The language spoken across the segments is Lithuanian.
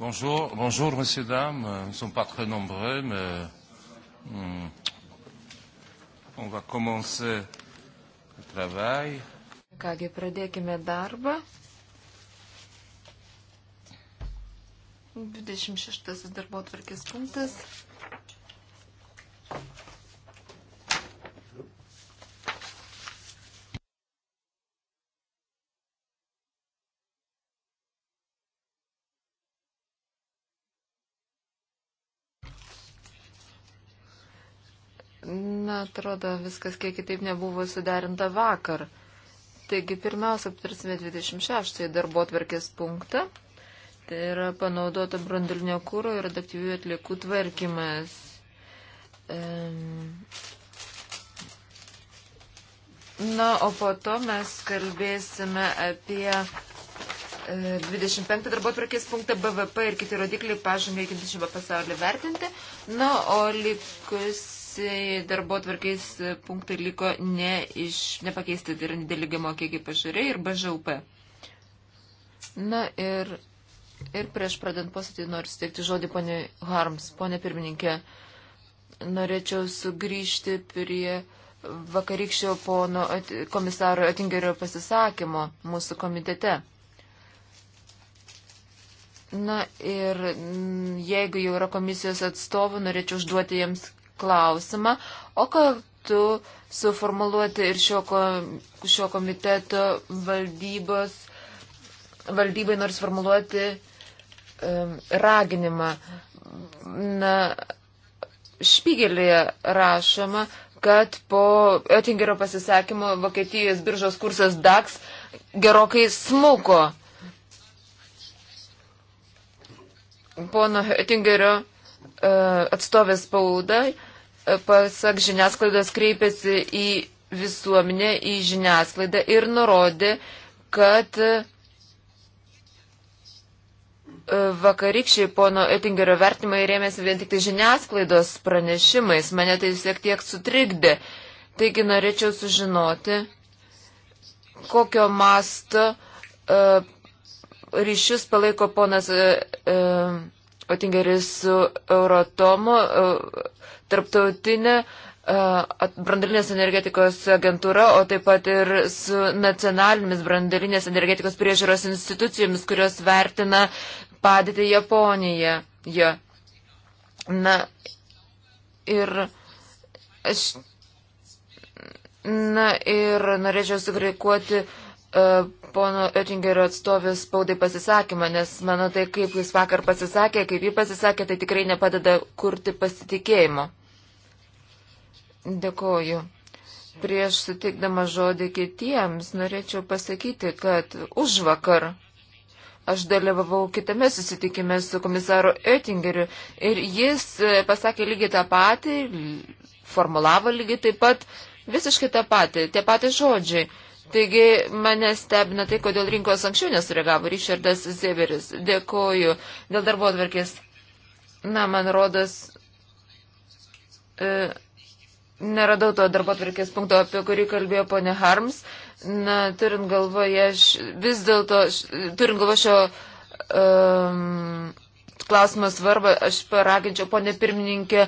Bonjour, bonjour, messieurs, dames. Nous ne sommes pas très nombreux, mais hmm, on va commencer le travail. Kągi, pradėkime darbą. 26 darbo tvarkės punktas. atrodo, viskas kiek kitaip nebuvo suderinta vakar. Taigi, pirmiausia, aptarsime 26 darbo atverkės punktą. Tai yra panaudota brandulinio kūro ir adaptyvių atliekų tvarkymas. Um. Na, o po to mes kalbėsime apie 25 e, darbo atvarkės punktą BVP ir kiti rodikliai pažangai iki 20 pasaulį vertinti. Na, o likus Likusiai darbo tvarkais e, punktai liko ne iš, nepakeisti, tai yra nedėlygimo kiekį pažiūrė ir BŽUP. Na ir, ir prieš pradant posėdį noriu suteikti žodį ponė Harms, ponė pirmininkė. Norėčiau sugrįžti prie vakarykščio pono at, komisaro Atingerio pasisakymo mūsų komitete. Na ir jeigu jau yra komisijos atstovų, norėčiau užduoti jiems klausimą, o kartu suformuluoti ir šio, šio komiteto valdybos, valdybai nors formuluoti um, raginimą. Na, špygelėje rašoma, kad po Oettingerio pasisakymo Vokietijos biržos kursas DAX gerokai smuko. Pono Oettingerio uh, atstovės spaudai pasak žiniasklaidos, kreipėsi į visuomenę, į žiniasklaidą ir nurodė, kad e, vakarykščiai pono Ettingerio vertimai rėmėsi vien tik tai žiniasklaidos pranešimais. Mane tai šiek tiek sutrikdė. Taigi norėčiau sužinoti, kokio masto uh, ryšius palaiko ponas uh, e, Otingeris su Eurotomu, uh, tarptautinė e, brandalinės energetikos agentūra, o taip pat ir su nacionalinėmis brandalinės energetikos priežiūros institucijomis, kurios vertina padėtį Japonijoje. Ja. Na ir aš. Na ir norėčiau sugraikuoti uh, e, pono Oettingerio atstovės spaudai pasisakymą, nes mano tai, kaip jis vakar pasisakė, kaip jį pasisakė, tai tikrai nepadeda kurti pasitikėjimo. Dėkoju. Prieš sutikdama žodį kitiems, norėčiau pasakyti, kad už vakar aš dalyvavau kitame susitikime su komisaru Oettingeriu ir jis e, pasakė lygiai tą patį, formulavo lygiai taip pat visiškai tą patį, tie patys žodžiai. Taigi mane stebina tai, kodėl rinkos anksčiau nesureagavo Richardas Zeberis. Dėkoju dėl darbo atvarkės. Na, man rodas. E, neradau to darbo tvarkės punkto, apie kurį kalbėjo ponė Harms. Na, turint galvoje, vis dėlto, turint galvoje šio. Um, klausimas svarbą, aš paraginčiau ponę pirmininkę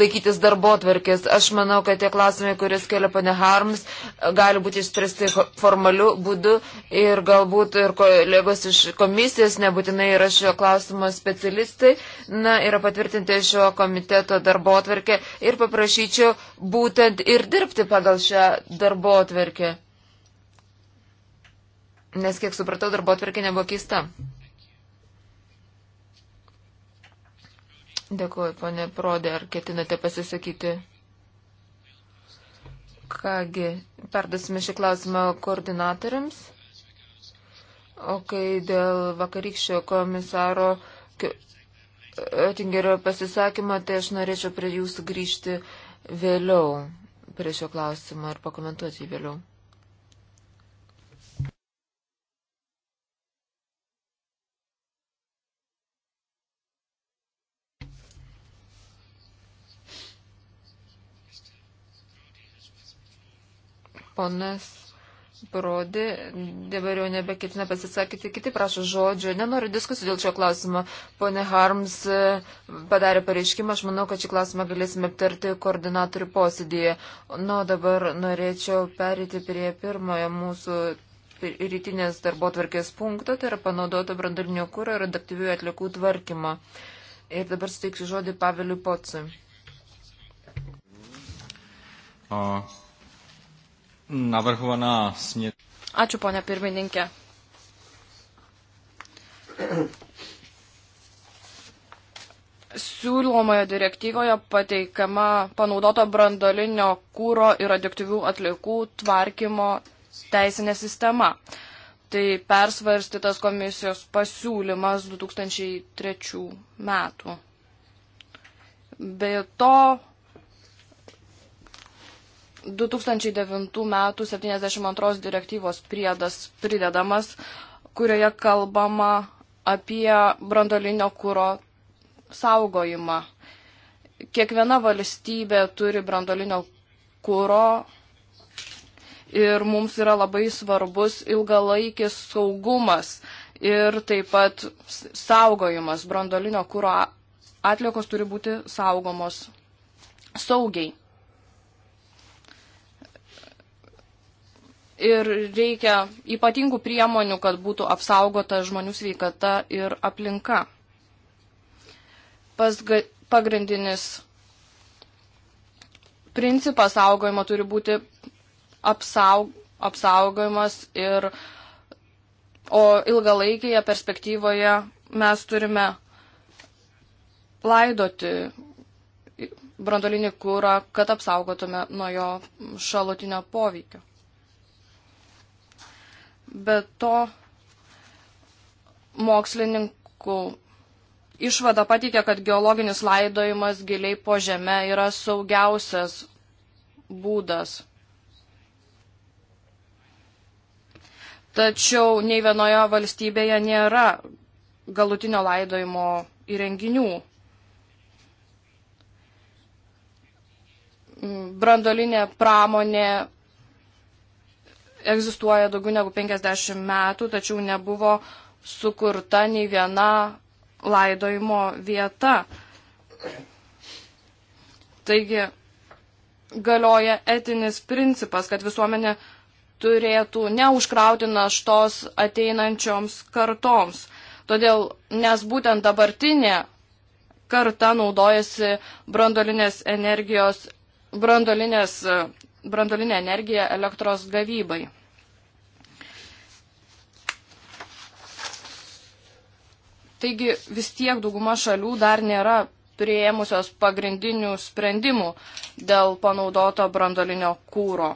laikytis darbo tvarkės. Aš manau, kad tie klausimai, kuris kelia ponė Harms, gali būti išspręsti formaliu būdu ir galbūt ir kolegos iš komisijos nebūtinai yra šio klausimo specialistai. Na, yra patvirtinti šio komiteto darbo tvarkė ir paprašyčiau būtent ir dirbti pagal šią darbo tvarkę. Nes kiek supratau, darbo atvarkė nebuvo keista. Dėkuoju, ponė Prodė, ar ketinate pasisakyti? Kągi, perdasime šį klausimą koordinatoriams. O kai dėl vakarykščio komisaro Oettingerio pasisakymą, tai aš norėčiau prie jūsų grįžti vėliau, prie šio klausimo ir pakomentuoti jį vėliau. ponas Brodi, dabar jau nebeketina pasisakyti, kiti prašo žodžio, nenoriu diskusijų dėl šio klausimo. Pone Harms e, padarė pareiškimą, aš manau, kad šį klausimą galėsime aptarti koordinatorių posėdėje. Nu, dabar norėčiau perėti prie pirmojo mūsų rytinės darbo tvarkės punkto, tai yra panaudoto brandalinio kūro ir radioaktyvių atliekų tvarkymo. Ir dabar suteiksiu žodį Paveliu Pocui. O, navrhovaná směr. Ačiū, ponia pirmininkė. Siūlomoje direktyvoje pateikama panaudoto brandolinio kūro ir radioaktyvių atliekų tvarkymo teisinė sistema. Tai persvarstytas komisijos pasiūlymas 2003 metų. Be to 2009 m. 72 direktyvos priedas pridedamas, kurioje kalbama apie brandolinio kūro saugojimą. Kiekviena valstybė turi brandolinio kūro ir mums yra labai svarbus ilgalaikis saugumas ir taip pat saugojimas. Brandolinio kūro atliekos turi būti saugomos saugiai. ir reikia ypatingų priemonių, kad būtų apsaugota žmonių sveikata ir aplinka. Pasga, pagrindinis principas saugojimo turi būti apsaug, apsaugojimas ir o ilgalaikėje perspektyvoje mes turime laidoti brandolinį kūrą, kad apsaugotume nuo jo šalutinio poveikio. Be to, mokslininkų išvada patikė, kad geologinis laidojimas giliai po žemę yra saugiausias būdas. Tačiau nei vienoje valstybėje nėra galutinio laidojimo įrenginių. Mm, brandolinė pramonė egzistuoja daugiau negu 50 metų, tačiau nebuvo sukurta nei viena laidojimo vieta. Taigi galioja etinis principas, kad visuomenė turėtų neužkrauti naštos ateinančioms kartoms. Todėl, nes būtent dabartinė karta naudojasi brandolinės energijos, brandolinės brandolinę energiją elektros gavybai. Taigi vis tiek dauguma šalių dar nėra prieimusios pagrindinių sprendimų dėl panaudoto brandolinio kūro.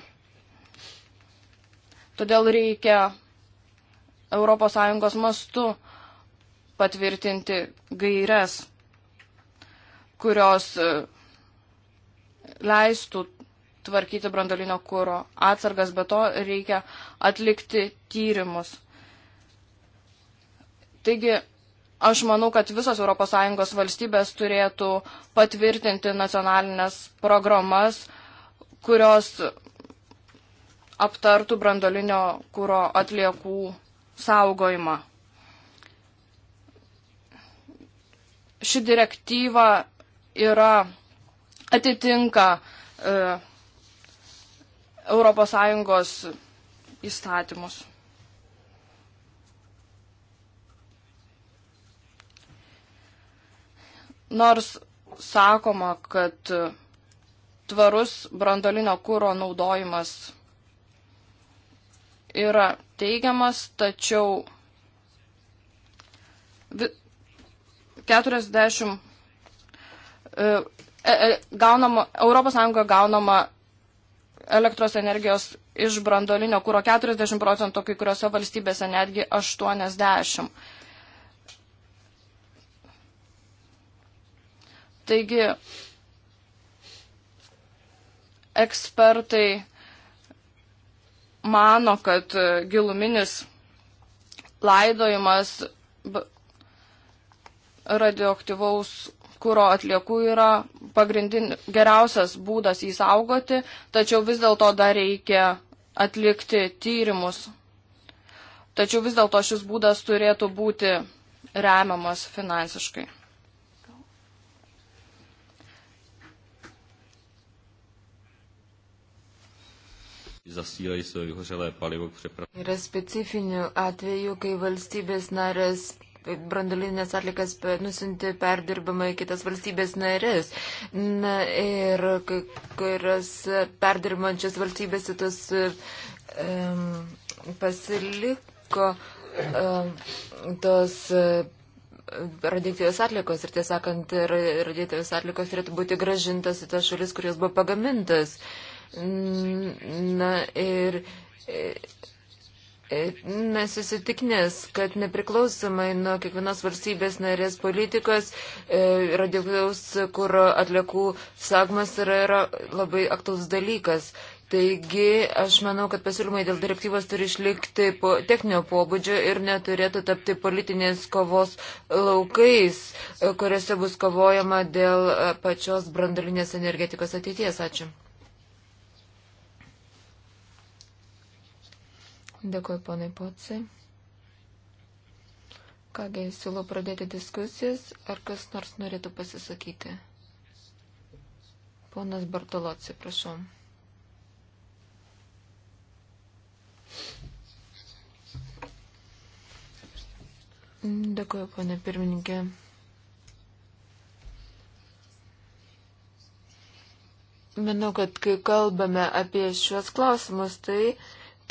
Todėl reikia ES mastu patvirtinti gairias, kurios e, leistų tvarkyti brandolinio kūro atsargas, bet to reikia atlikti tyrimus. Taigi, aš manau, kad visos ES valstybės turėtų patvirtinti nacionalinės programas, kurios aptartų brandolinio kūro atliekų saugojimą. Ši direktyva yra atitinka e, ES įstatymus. Nors sakoma, kad tvarus brandolinio kūro naudojimas yra teigiamas, tačiau 40 e, e, gaunama, Europos Sąjunga gaunama elektros energijos iš brandolinio kūro 40 procentų, kai kuriuose valstybėse netgi 80. Taigi ekspertai mano, kad giluminis laidojimas radioaktyvaus kūro atliekų yra pagrindinis geriausias būdas įsaugoti, tačiau vis dėlto dar reikia atlikti tyrimus. Tačiau vis dėlto šis būdas turėtų būti remiamas finansiškai. Yra specifinių atvejų, kai valstybės narės brandolinės atlikas nusinti perdirbama į kitas valstybės narės. Na ir kai kurios perdirbančios valstybės tos um, pasiliko um, tos. Uh, radioaktyvios atlikos ir tiesąkant radioaktyvios atlikos turėtų būti gražintas į tas šalis, kurios buvo pagamintas. Na ir e, Mes įsitikinęs, kad nepriklausomai nuo kiekvienos valstybės narės politikos e, radioaktyvaus kūro atliekų sagmas yra, yra labai aktualus dalykas. Taigi aš manau, kad pasiūlymai dėl direktyvos turi išlikti po techninio pobūdžio ir neturėtų tapti politinės kovos laukais, e, kuriuose bus kovojama dėl e, pačios brandalinės energetikos ateities. Ačiū. Dėkuoju, ponai Pocai. Kągi, siūlau pradėti diskusijas, ar kas nors norėtų pasisakyti. Ponas Bartolotsi, prašom. Dėkuoju, ponė pirmininkė. Manau, kad kai kalbame apie šiuos klausimus, tai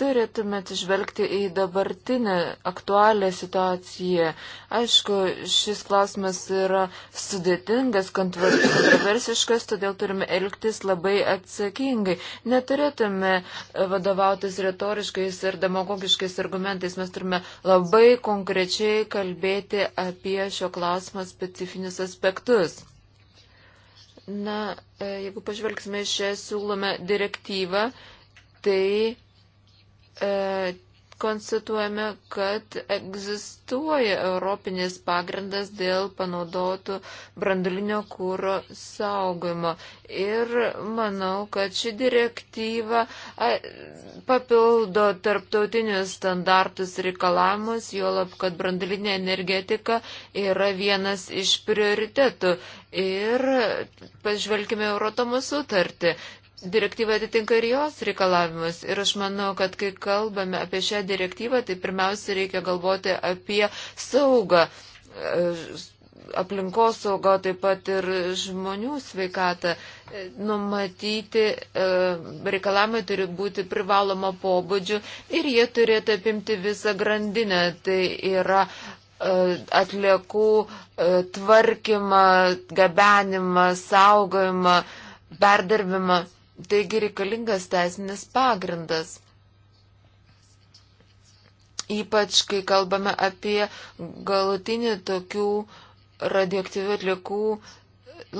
turėtume atsižvelgti į dabartinę aktualią situaciją. Aišku, šis klausimas yra sudėtingas, kontroversiškas, todėl turime elgtis labai atsakingai. Neturėtume e, vadovautis retoriškais ir demagogiškais argumentais. Mes turime labai konkrečiai kalbėti apie šio klausimo specifinius aspektus. Na, e, jeigu pažvelgsime šią siūlomą direktyvą, tai e, konstatuojame, kad egzistuoja europinis pagrindas dėl panaudotų brandulinio kūro saugojimo. Ir manau, kad ši direktyva papildo tarptautinius standartus reikalavimus, juolab, kad brandulinė energetika yra vienas iš prioritetų. Ir pažvelkime Eurotomo sutartį direktyva atitinka ir jos reikalavimus. Ir aš manau, kad kai kalbame apie šią direktyvą, tai pirmiausia reikia galvoti apie saugą, e, aplinkos saugą, taip pat ir žmonių sveikatą. E, numatyti e, reikalavimai turi būti privaloma pobūdžių ir jie turėtų apimti visą grandinę. Tai yra atliekų tvarkymą, gabenimą, saugojimą, perdarbimą. Taigi reikalingas teisinis pagrindas. Ypač, kai kalbame apie galutinį tokių radioaktyvių atliekų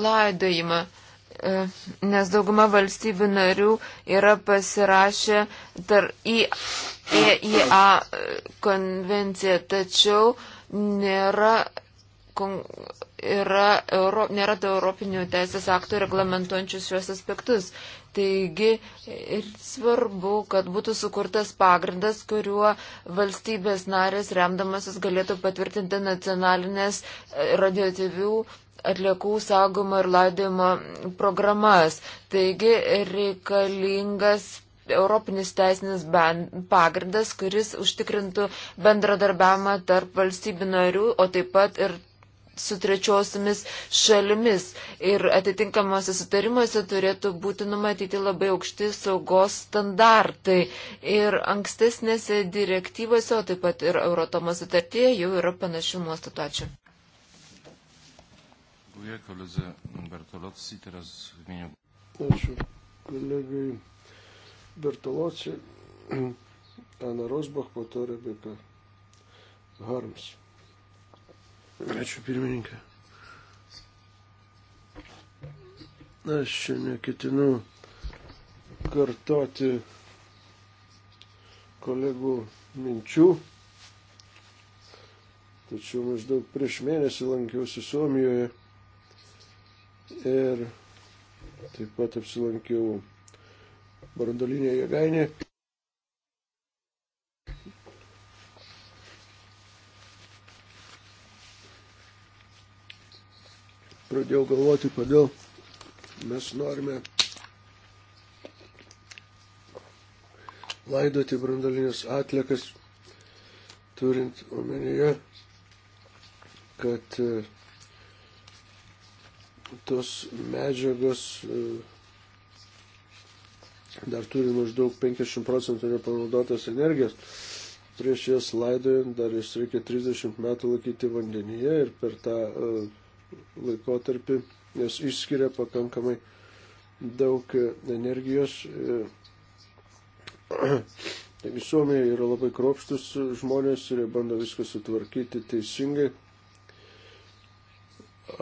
laidojimą e, nes dauguma valstybių narių yra pasirašę tar EIA konvenciją, tačiau nėra, yra, Euro, nėra europinių teisės aktų reglamentuojančius šios aspektus. Taigi ir svarbu, kad būtų sukurtas pagrindas, kuriuo valstybės narės remdamasis galėtų patvirtinti nacionalinės e, radioaktyvių atliekų saugumo ir laidojimo programas. Taigi reikalingas europinis teisinis pagrindas, kuris užtikrintų bendradarbiavimą tarp valstybių narių, o taip pat ir su trečiosiomis šalimis ir atitinkamuose sutarimuose turėtų būti numatyti labai aukšti saugos standartai. Ir ankstesnėse direktyvose, o taip pat ir Eurotomo sutartyje jau yra panašių nuostatų. Ačiū. Ačiū kolegai Bertolociui, Ana Rosbach, po to Rebeka Harms. Ačiū pirmininkė. Aš šiandien ketinu kartoti kolegų minčių, tačiau maždaug prieš mėnesį lankiausi Suomijoje ir taip pat apsilankiau brandolinėje jėgainėje. pradėjau galvoti, kodėl mes norime laidoti brandalinės atlikas, turint omenyje, kad e, tos medžiagos e, dar turi maždaug 50 procentų nepanaudotos energijos. Prieš jas laidojant dar jas reikia 30 metų laikyti vandenyje ir per tą uh, laikotarpį, nes išskiria pakankamai daug e, energijos. E, Taigi Suomija yra labai kropštus žmonės ir jie bando viską sutvarkyti teisingai.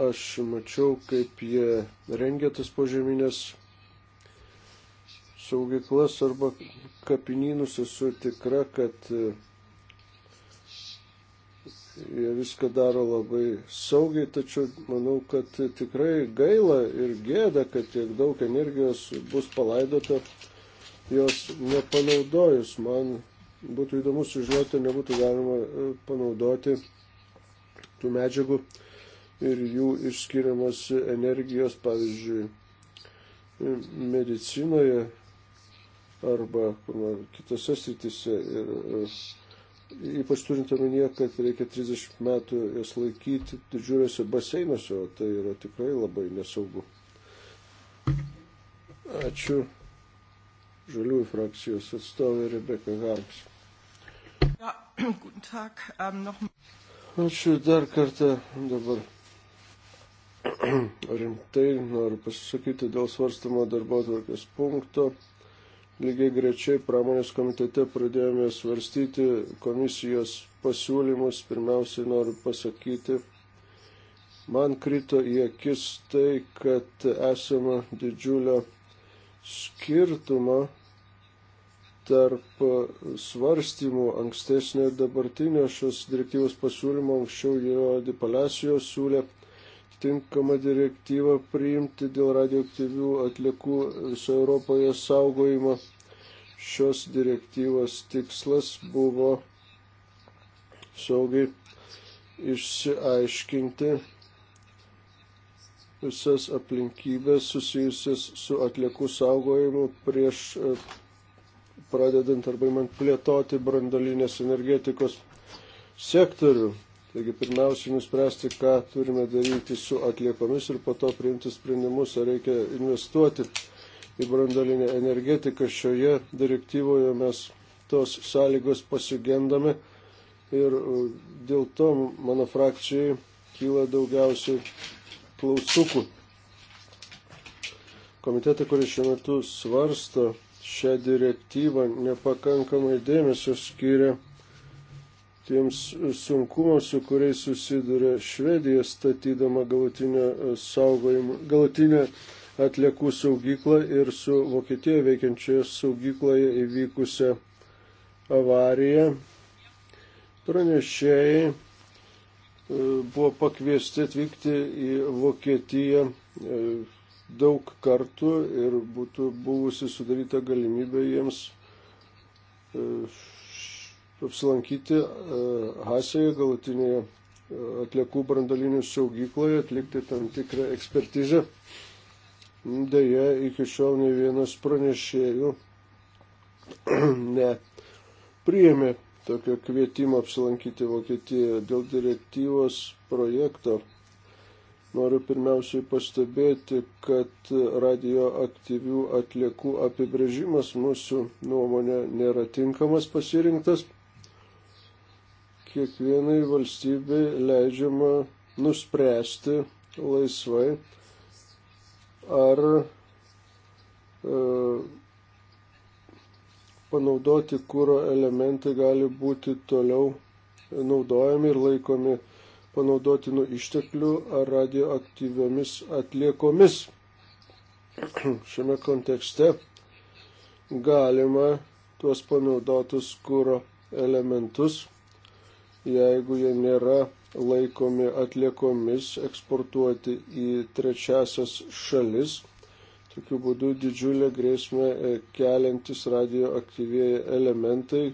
Aš mačiau, kaip jie rengia tas požeminės saugyklas arba kapinynus. Esu tikra, kad e, jie viską daro labai saugiai, tačiau manau, kad tikrai gaila ir gėda, kad tiek daug energijos bus palaidota, jos nepanaudojus. Man būtų įdomu sužinoti, nebūtų galima e, panaudoti tų medžiagų ir jų išskiriamos energijos, pavyzdžiui, medicinoje arba kitose sritise. Ir, e, ypač turint omenyje, kad reikia 30 metų jas laikyti didžiuliuose baseinuose, o tai yra tikrai labai nesaugu. Ačiū žaliųjų frakcijos atstovė Rebeka Harms. Ähm, Ačiū dar kartą dabar. Rimtai noriu pasisakyti dėl svarstamo darbo atvarkės punkto. Lygiai grečiai pramonės komitete pradėjome svarstyti komisijos pasiūlymus. Pirmiausiai noriu pasakyti, man krito į akis tai, kad esama didžiulio skirtumo tarp svarstymų ankstesnio ir dabartinio šios direktyvos pasiūlymo. Anksčiau jo Dipalacijos siūlė atitinkamą direktyvą priimti dėl radioaktyvių atliekų viso Europoje saugojimo. Šios direktyvos tikslas buvo saugiai išsiaiškinti visas aplinkybės susijusias su atliekų saugojimu prieš pradedant arba man plėtoti brandolinės energetikos sektorių. Taigi pirmiausia, nuspręsti, ką turime daryti su atliekomis ir po to priimti sprendimus, ar reikia investuoti į brandalinę energetiką. Šioje direktyvoje mes tos sąlygos pasigendame ir e, dėl to mano frakcijai kyla daugiausiai klaustukų. Komitetą, kuris šiuo metu svarsto šią direktyvą, nepakankamai dėmesio skiria tiems sunkumams, su kuriais susiduria Švedija statydama galutinę, e, galutinę atliekų saugyklą ir su Vokietijoje veikiančioje saugykloje įvykusią avariją. Pranešėjai e, buvo pakviesti atvykti į Vokietiją e, daug kartų ir būtų buvusi sudaryta galimybė jiems apsilankyti e, Hasėje galutinėje e, atliekų brandalinių saugykloje, atlikti tam tikrą ekspertizę. Deja, iki šiol ne vienas pranešėjų ne priėmė tokio kvietimo apsilankyti Vokietijoje dėl direktyvos projekto. Noriu pirmiausiai pastebėti, kad radioaktyvių atliekų apibrėžimas mūsų nuomonė nėra tinkamas pasirinktas kiekvienai valstybei leidžiama nuspręsti laisvai, ar e, panaudoti kūro elementai gali būti toliau naudojami ir laikomi panaudotinų išteklių ar radioaktyviomis atliekomis. Šiame kontekste galima tuos panaudotus kūro elementus jeigu jie nėra laikomi atliekomis, eksportuoti į trečiasias šalis. Tokiu būdu didžiulė grėsmė e, keliantis radioaktyvieji elementai e,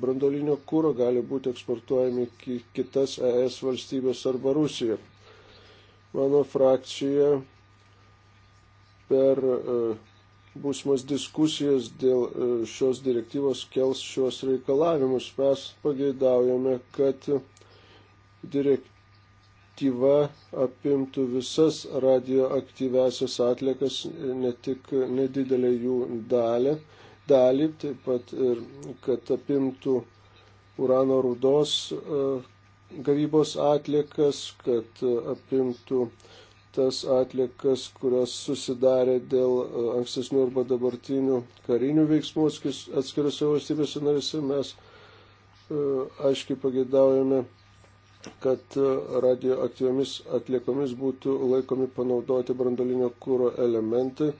brandolinio kūro gali būti eksportuojami į kitas ES valstybės arba Rusiją. Mano frakcija per e, būsimas diskusijas dėl e, šios direktyvos kels šios reikalavimus. Mes pageidaujame, kad direktyva apimtų visas radioaktyvesias atlikas, ne tik nedidelę jų dalį, dalį taip pat ir kad apimtų urano rudos e, gavybos atlikas, kad apimtų uh, tas atlikas, kurios susidarė dėl e, ankstesnių arba dabartinių karinių veiksmų atskirose valstybėse narėse. Mes e, aiškiai pagėdaujame, kad e, radioaktyviomis atliekomis būtų laikomi panaudoti brandolinio kūro elementai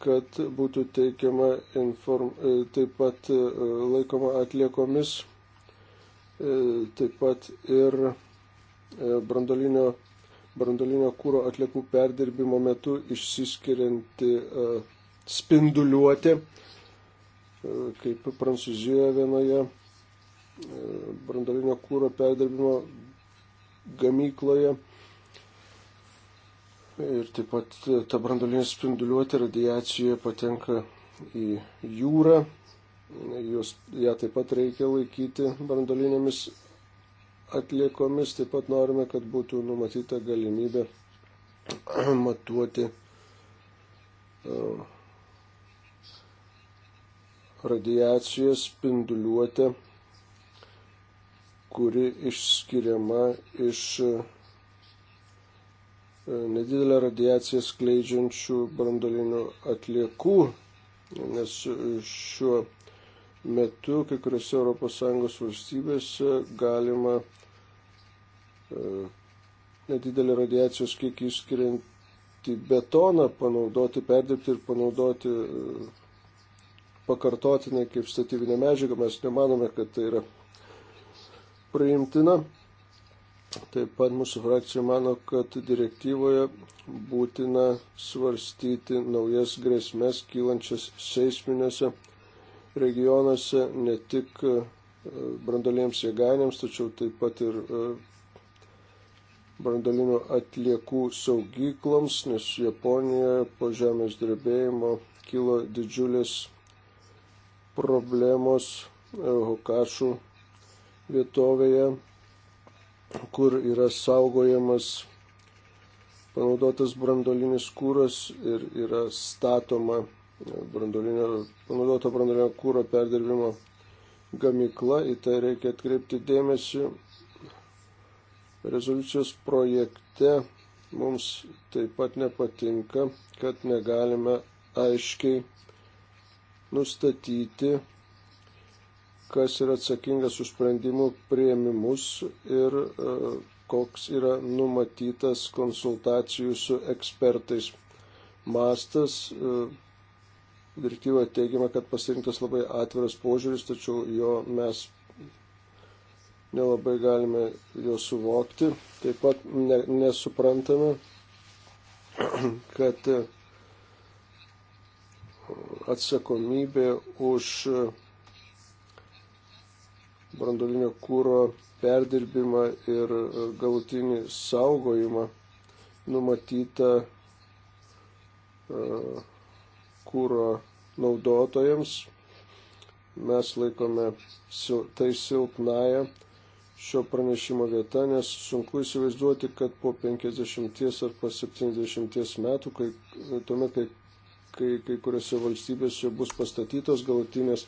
kad būtų teikiama inform, taip pat laikoma atliekomis, taip pat ir brandolinio brandolinio kūro atliekų perdirbimo metu išsiskirianti e, spinduliuotė, e, kaip Prancūzijoje vienoje e, brandolinio kūro perdirbimo gamykloje. Ir taip pat ta brandolinė spinduliuotė radiacijoje patenka į jūrą, Jūs, ją taip pat reikia laikyti brandolinėmis atliekomis, taip pat norime, kad būtų numatyta galimybė matuoti e, radiacijos spinduliuotę, kuri išskiriama iš e, nedidelę radiaciją skleidžiančių brandolinių atliekų, nes šiuo metu kai kuriuose ES valstybėse galima e, nedidelį radiacijos kiekį išskiriantį betoną panaudoti, perdirbti ir panaudoti e, pakartotinai kaip statyvinę medžiagą. Mes nemanome, kad tai yra priimtina. Taip pat mūsų frakcija mano, kad direktyvoje būtina svarstyti naujas grėsmės kylančias seisminėse regionuose ne tik e, brandolėms jėgainėms, tačiau taip pat ir e, brandolinių atliekų saugykloms, nes Japonijoje po žemės drebėjimo kilo didžiulis problemos e, Hokašų vietovėje, kur yra saugojamas panaudotas brandolinis kūras ir yra statoma brandolinio, panaudoto brandolinio kūro perdirbimo gamykla, į tai reikia atkreipti dėmesį. Rezoliucijos projekte mums taip pat nepatinka, kad negalime aiškiai nustatyti, kas yra atsakingas už sprendimų prieimimus ir e, koks yra numatytas konsultacijų su ekspertais mastas. E, direktyvoje teigiama, kad pasirinktas labai atviras požiūris, tačiau jo mes nelabai galime jo suvokti. Taip pat ne, nesuprantame, kad uh, atsakomybė už uh, brandolinio kūro perdirbimą ir uh, galutinį saugojimą numatyta uh, kūro naudotojams mes laikome tai silpnaja šio pranešimo vieta, nes sunku įsivaizduoti, kad po 50 ar po 70 metų, kai, tuomet, kai, kai, kai kuriuose valstybėse bus pastatytos galutinės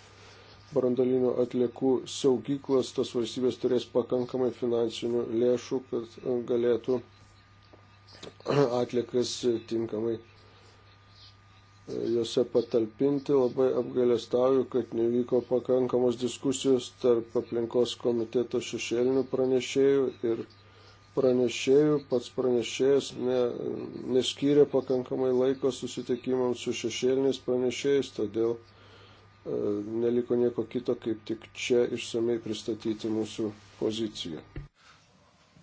brandolinių atliekų saugyklos, tos valstybės turės pakankamai finansinių lėšų, kad galėtų atliekas tinkamai juose patalpinti. Labai apgailestauju, kad nevyko pakankamos diskusijos tarp aplinkos komiteto šešėlinių pranešėjų ir pranešėjų. Pats pranešėjas ne, neskyrė pakankamai laiko susitikimams su šešėliniais pranešėjais, todėl e, neliko nieko kito, kaip tik čia išsamei pristatyti mūsų poziciją.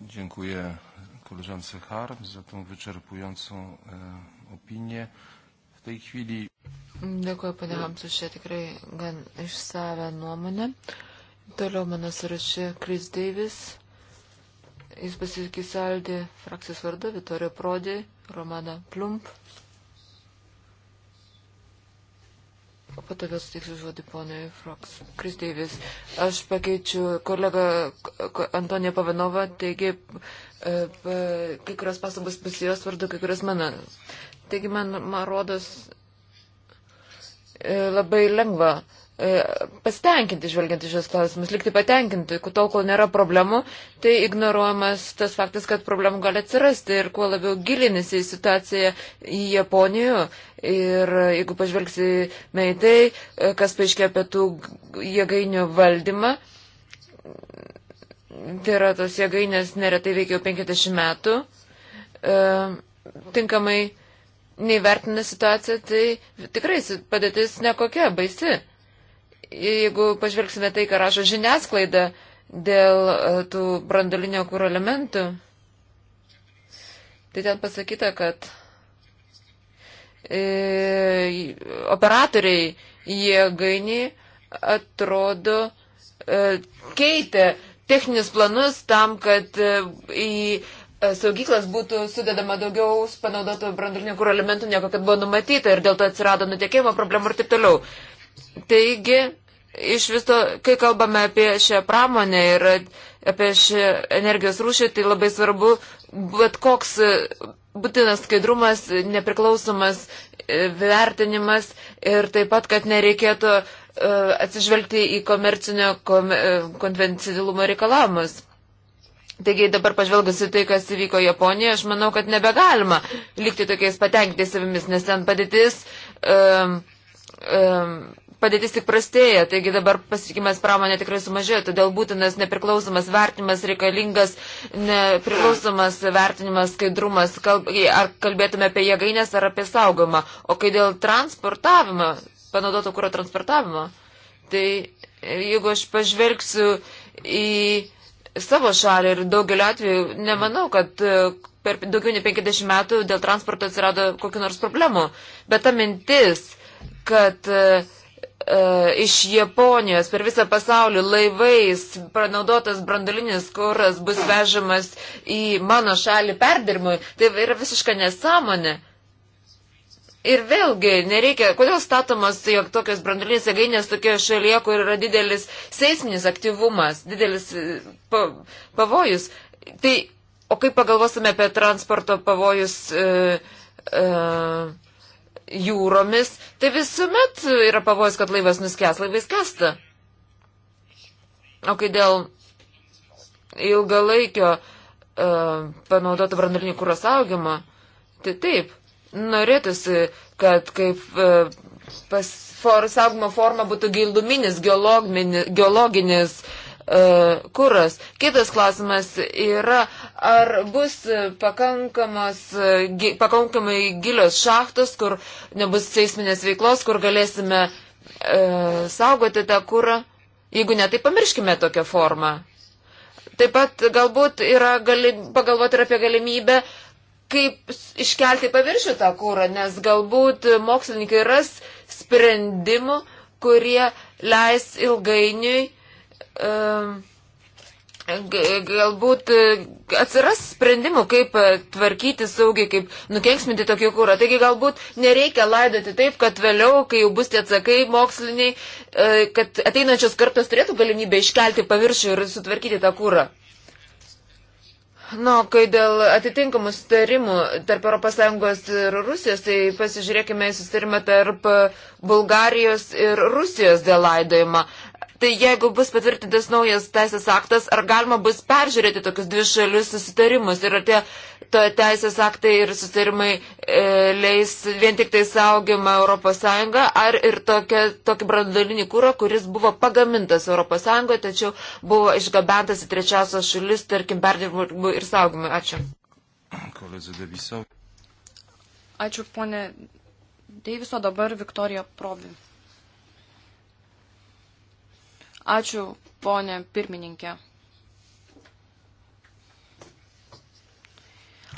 Dziękuję koleżance Harm za tą wyczerpującą e, opinię tej tai chwili. Dėkuoju, pane Hamsu, šią tikrai gan išsavę nuomonę. Toliau mano sąraše Kris Deivis. Jis pasisakys Aldė frakcijos vardu, Vitorio Prodi, Romana Plump. O po to vėl sutiksiu žodį ponui Froks. Kris Deivis. Aš pakeičiu kolegą Antoniją Pavanovą, taigi e, kai kurios pastabos bus jos vardu, kai kurios mano. Taigi man, man rodos e, labai lengva e, pasitenkinti žvelgiant į šios klausimus, likti patenkinti, tol, kol nėra problemų, tai ignoruojamas tas faktas, kad problemų gali atsirasti ir kuo labiau gilinisi į situaciją į Japoniją ir jeigu pažvelgsime į tai, e, kas paaiškėjo apie tų jėgainių valdymą, tai yra tos jėgainės neretai veikia jau 50 metų, tinkamai neįvertina situaciją, tai tikrai padėtis nekokia, baisi. Jeigu pažvelgsime tai, ką rašo žiniasklaida dėl e, tų brandolinio kūro elementų, tai ten pasakyta, kad e, operatoriai jėgainį atrodo e, keitė techninius planus tam, kad e, į E, saugyklas būtų sudedama daugiau panaudotų branduolinio kūro elementų, negu kad buvo numatyta ir dėl to atsirado nutiekėjimo problemų ir taip toliau. Taigi, iš viso, kai kalbame apie šią pramonę ir apie šią energijos rūšį, tai labai svarbu, bet koks e, būtinas skaidrumas, nepriklausomas e, vertinimas ir taip pat, kad nereikėtų atsižvelgti į komercinio konvencialumo reikalavimus. Taigi dabar pažvelgus į tai, kas įvyko Japonijoje, aš manau, kad nebegalima likti tokiais patenkinti savimis, nes ten padėtis, um, um, padėtis tik prastėja, taigi dabar pasitikimas pramonė tikrai sumažėjo, todėl būtinas nepriklausomas vertinimas, reikalingas nepriklausomas vertinimas, skaidrumas, kalb, ar kalbėtume apie jėgainės ar apie saugomą, o kai dėl transportavimo, panaudoto kūro transportavimo, tai jeigu aš pažvelgsiu į savo šalį ir daugeliu atveju nemanau, kad e, per daugiau nei 50 metų dėl transporto atsirado kokiu nors problemu. Bet ta mintis, kad uh, iš Japonijos per visą pasaulį laivais panaudotas brandolinis kuras bus vežamas į mano šalį perdirbimui, tai yra visiška nesąmonė. Uh, Ir vėlgi, nereikia, kodėl statomas, jog tokios brandulinės jėgainės tokioje šalyje, kur yra didelis seisminis aktyvumas, didelis e, pavojus. Tai, o kaip pagalvosime apie transporto pavojus e, e, jūromis, tai visuomet yra pavojus, kad laivas nuskęs, laivais kesta. O kai dėl ilgalaikio e, panaudoto brandulinį kūros augimo, tai taip norėtųsi, kad kaip e, pas for, saugumo forma būtų giluminis geologinis uh, kuras. Kitas klausimas yra, ar bus pakankamos, e, gi, pakankamai gilios šachtos, kur nebus seisminės veiklos, kur galėsime uh, saugoti tą kurą. Jeigu ne, tai pamirškime tokią formą. Taip pat galbūt yra gali, pagalvoti ir apie galimybę uh, kaip iškelti paviršių tą kūrą, nes galbūt mokslininkai ras sprendimų, kurie leis ilgainiui. Um, galbūt e, atsiras sprendimų, kaip e, tvarkyti saugiai, kaip nukenksminti tokį kūrą. Taigi galbūt nereikia laidoti taip, kad vėliau, kai jau bus tie atsakai moksliniai, e, kad ateinančios kartos turėtų galimybę iškelti paviršių ir sutvarkyti tą kūrą. Na, kai dėl atitinkamų sustarimų tarp ES ir Rusijos, tai pasižiūrėkime į sustarimą tarp Bulgarijos ir Rusijos dėl laidojimo. Tai jeigu bus patvirtintas naujas teisės aktas, ar galima bus peržiūrėti tokius dvi šalius susitarimus ir ar tie to teisės aktai ir susitarimai e, leis vien tik tai saugimą ES, ar ir tokia, tokį brandolinį kūrą, kuris buvo pagamintas ES, tačiau buvo išgabentas į trečiasios šalis, tarkim, perdirbimui ir saugimui. Ačiū. Ačiū, ponė Deiviso, dabar Viktorija Provi. Ačiū, ponė pirmininkė.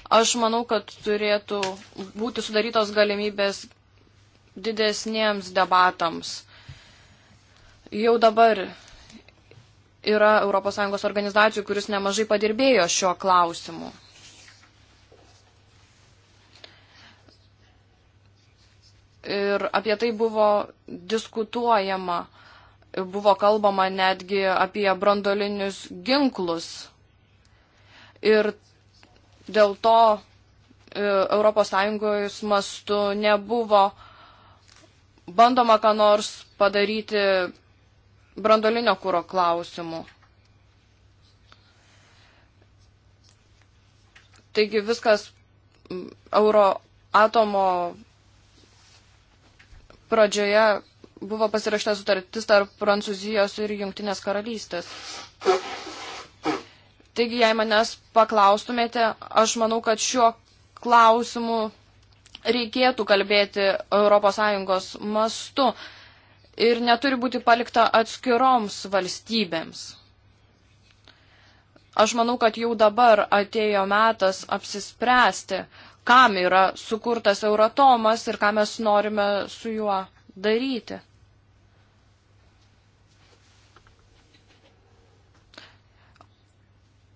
Aš manau, kad turėtų būti sudarytos galimybės didesniems debatams. Jau dabar yra ES organizacijų, kuris nemažai padirbėjo šiuo klausimu. Ir apie tai buvo diskutuojama, buvo kalbama netgi apie brandolinius ginklus. Ir Dėl to ES mastu nebuvo bandoma ką nors padaryti brandolinio kūro klausimų. Taigi viskas euro atomo pradžioje buvo pasirašta sutartis tarp Prancūzijos ir Jungtinės karalystės. Taigi, jei manęs paklaustumėte, aš manau, kad šiuo klausimu reikėtų kalbėti ES mastu ir neturi būti palikta atskiroms valstybėms. Aš manau, kad jau dabar atėjo metas apsispręsti, kam yra sukurtas Euratomas ir ką mes norime su juo daryti.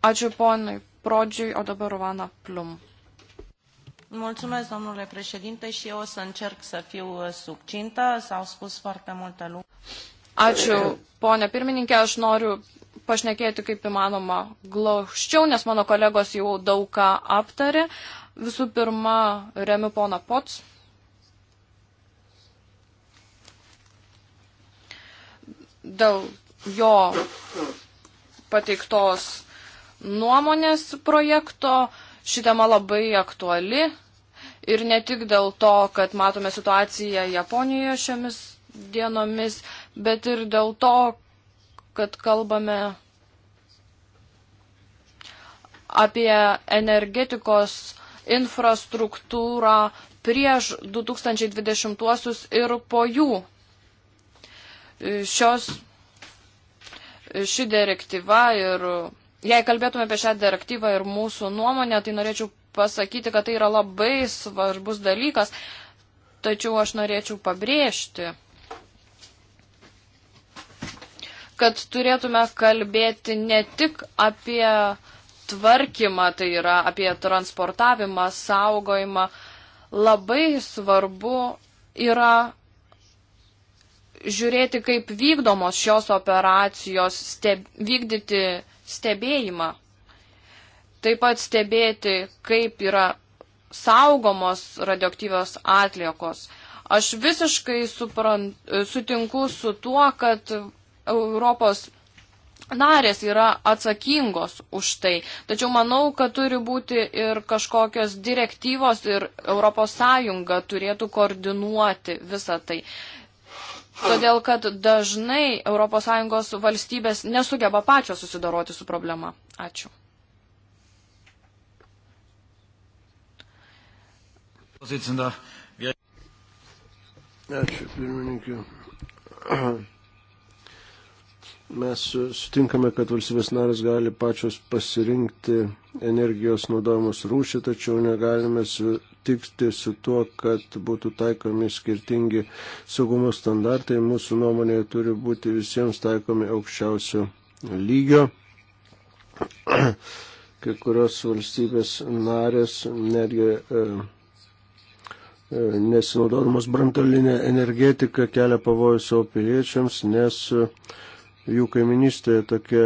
Ačiū ponui Prodžiui, o dabar Rovana Plum. Mulțumesc, domnule președinte, și eu o să încerc să fiu uh, succintă. S-au spus foarte multe lucruri. Ačiū, ponė pirmininkė, aš noriu pašnekėti kaip įmanoma glauščiau, nes mano kolegos jau daug ką aptarė. Visų pirma, remiu poną Pots. Dėl jo pateiktos nuomonės projekto. Ši tema labai aktuali ir ne tik dėl to, kad matome situaciją Japonijoje šiomis dienomis, bet ir dėl to, kad kalbame apie energetikos infrastruktūrą prieš 2020 ir po jų. Šios, ši direktyva ir Jei kalbėtume apie šią direktyvą ir mūsų nuomonę, tai norėčiau pasakyti, kad tai yra labai svarbus dalykas, tačiau aš norėčiau pabrėžti, kad turėtume kalbėti ne tik apie tvarkymą, tai yra apie transportavimą, saugojimą. Labai svarbu yra žiūrėti, kaip vykdomos šios operacijos, steb, vykdyti stebėjimą. Taip pat stebėti, kaip yra saugomos radioaktyvios atliekos. Aš visiškai suprant, sutinku su tuo, kad Europos narės yra atsakingos už tai. Tačiau manau, kad turi būti ir kažkokios direktyvos ir ES turėtų koordinuoti visą tai todėl kad dažnai ES valstybės nesugeba pačios susidoroti su problema. Ačiū. Ačiū, pirmininkė. Mes sutinkame, kad valstybės narės gali pačios pasirinkti energijos naudojimus rūšį, tačiau negalime sutikti su tuo, kad būtų taikomi skirtingi saugumo standartai. Mūsų nuomonėje turi būti visiems taikomi aukščiausio lygio. Kai kurios valstybės narės netgi. E, e nesinaudodamas brantolinę energetiką kelia pavojų savo piliečiams, nes jų kaiminystėje tokia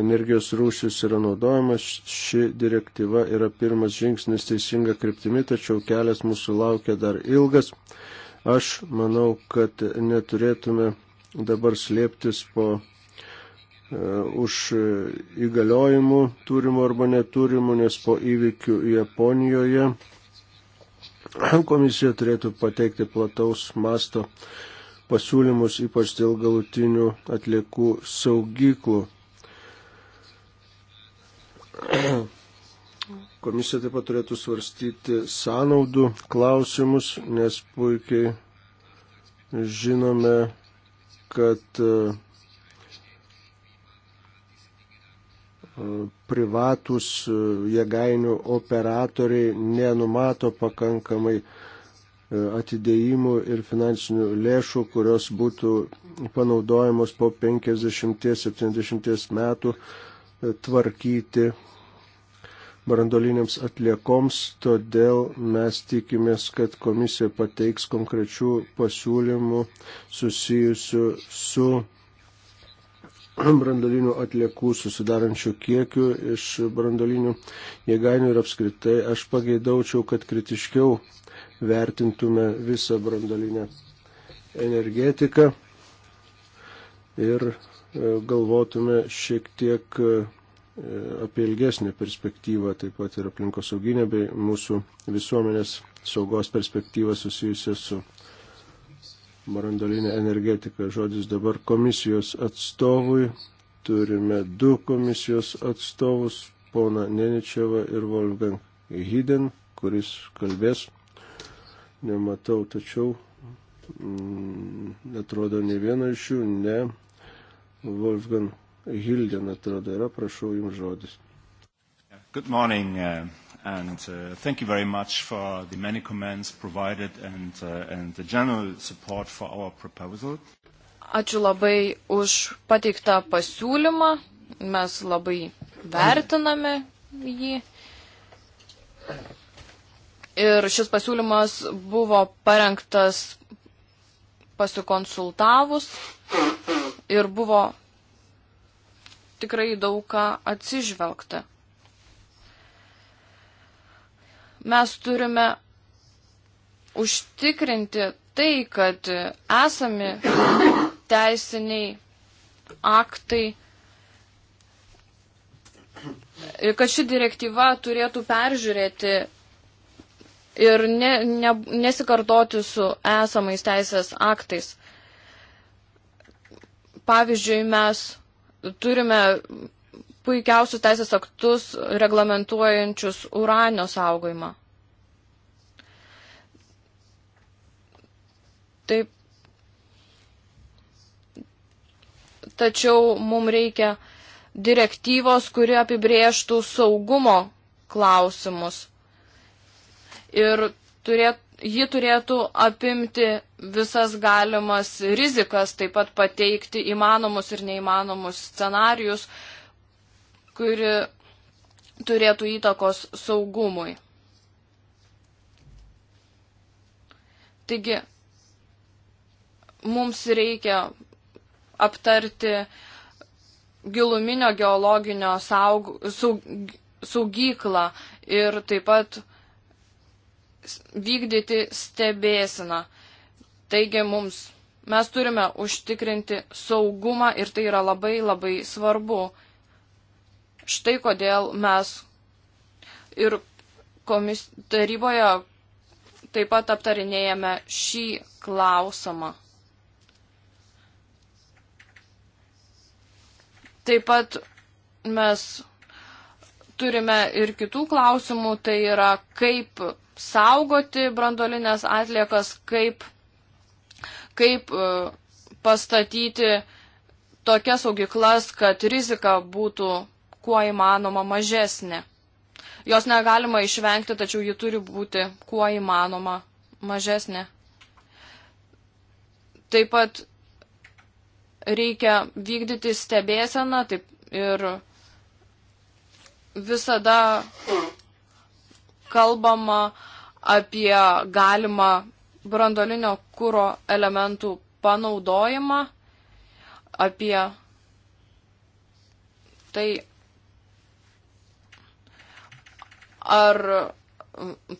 energijos rūšis yra naudojamas. Ši direktyva yra pirmas žingsnis teisinga kryptimi, tačiau kelias mūsų laukia dar ilgas. Aš manau, kad neturėtume dabar slėptis po uh, už įgaliojimų turimų arba neturimų, nes po įvykių Japonijoje komisija turėtų pateikti plataus masto uh, pasiūlymus, ypač dėl galutinių atliekų saugyklų. Komisija taip pat turėtų svarstyti sąnaudų klausimus, nes puikiai žinome, kad e, privatus e, jėgainių operatoriai nenumato pakankamai uh, E, atidėjimų ir finansinių lėšų, kurios būtų panaudojamos po 50-70 metų e, tvarkyti brandoliniams atliekoms, todėl mes tikimės, kad komisija pateiks konkrečių pasiūlymų susijusių su brandolinių atliekų susidarančių kiekių iš brandolinių jėgainių ir apskritai aš pageidaučiau, kad kritiškiau vertintume visą brandolinę energetiką ir e, galvotume šiek tiek e, apie ilgesnį perspektyvą, taip pat ir aplinkosauginę bei mūsų visuomenės saugos perspektyvą susijusią su brandolinė energetika. Žodis dabar komisijos atstovui. Turime du komisijos atstovus, pona Neničiava ir Wolfgang Hiden, kuris kalbės nematau, tačiau mm, atrodo ne vieno iš jų, ne Wolfgang Hilden atrodo yra, prašau jums žodis. Good morning, uh, and uh, thank you very much for the many comments provided and, uh, and the general support for our proposal. Ačiū labai už pateiktą pasiūlymą. Mes labai vertiname jį. Ir šis pasiūlymas buvo parengtas pasikonsultavus ir buvo tikrai daug ką atsižvelgta. Mes turime užtikrinti tai, kad esami teisiniai aktai, kad ši direktyva turėtų peržiūrėti ir ne, ne, nesikartoti su esamais teisės aktais. Pavyzdžiui, mes turime puikiausius teisės aktus reglamentuojančius uranio saugojimą. Taip. Tačiau mums reikia direktyvos, kuri apibrėžtų saugumo klausimus ir turėt, ji turėtų apimti visas galimas rizikas, taip pat pateikti įmanomus ir neįmanomus scenarius, kuri turėtų įtakos saugumui. Taigi, mums reikia aptarti giluminio geologinio saug, saug, saugyklą ir taip pat vykdyti stebėsiną. Taigi mums mes turime užtikrinti saugumą ir tai yra labai labai svarbu. Štai kodėl mes ir komis, taryboje taip pat aptarinėjame šį klausimą. Taip pat mes turime ir kitų klausimų, tai yra kaip saugoti brandolinės atliekas, kaip, kaip e, pastatyti tokias saugiklas, kad rizika būtų kuo įmanoma mažesnė. Jos negalima išvengti, tačiau ji turi būti kuo įmanoma mažesnė. Taip pat reikia vykdyti stebėseną taip, ir visada kalbama apie galimą brandolinio kūro elementų panaudojimą, apie tai, ar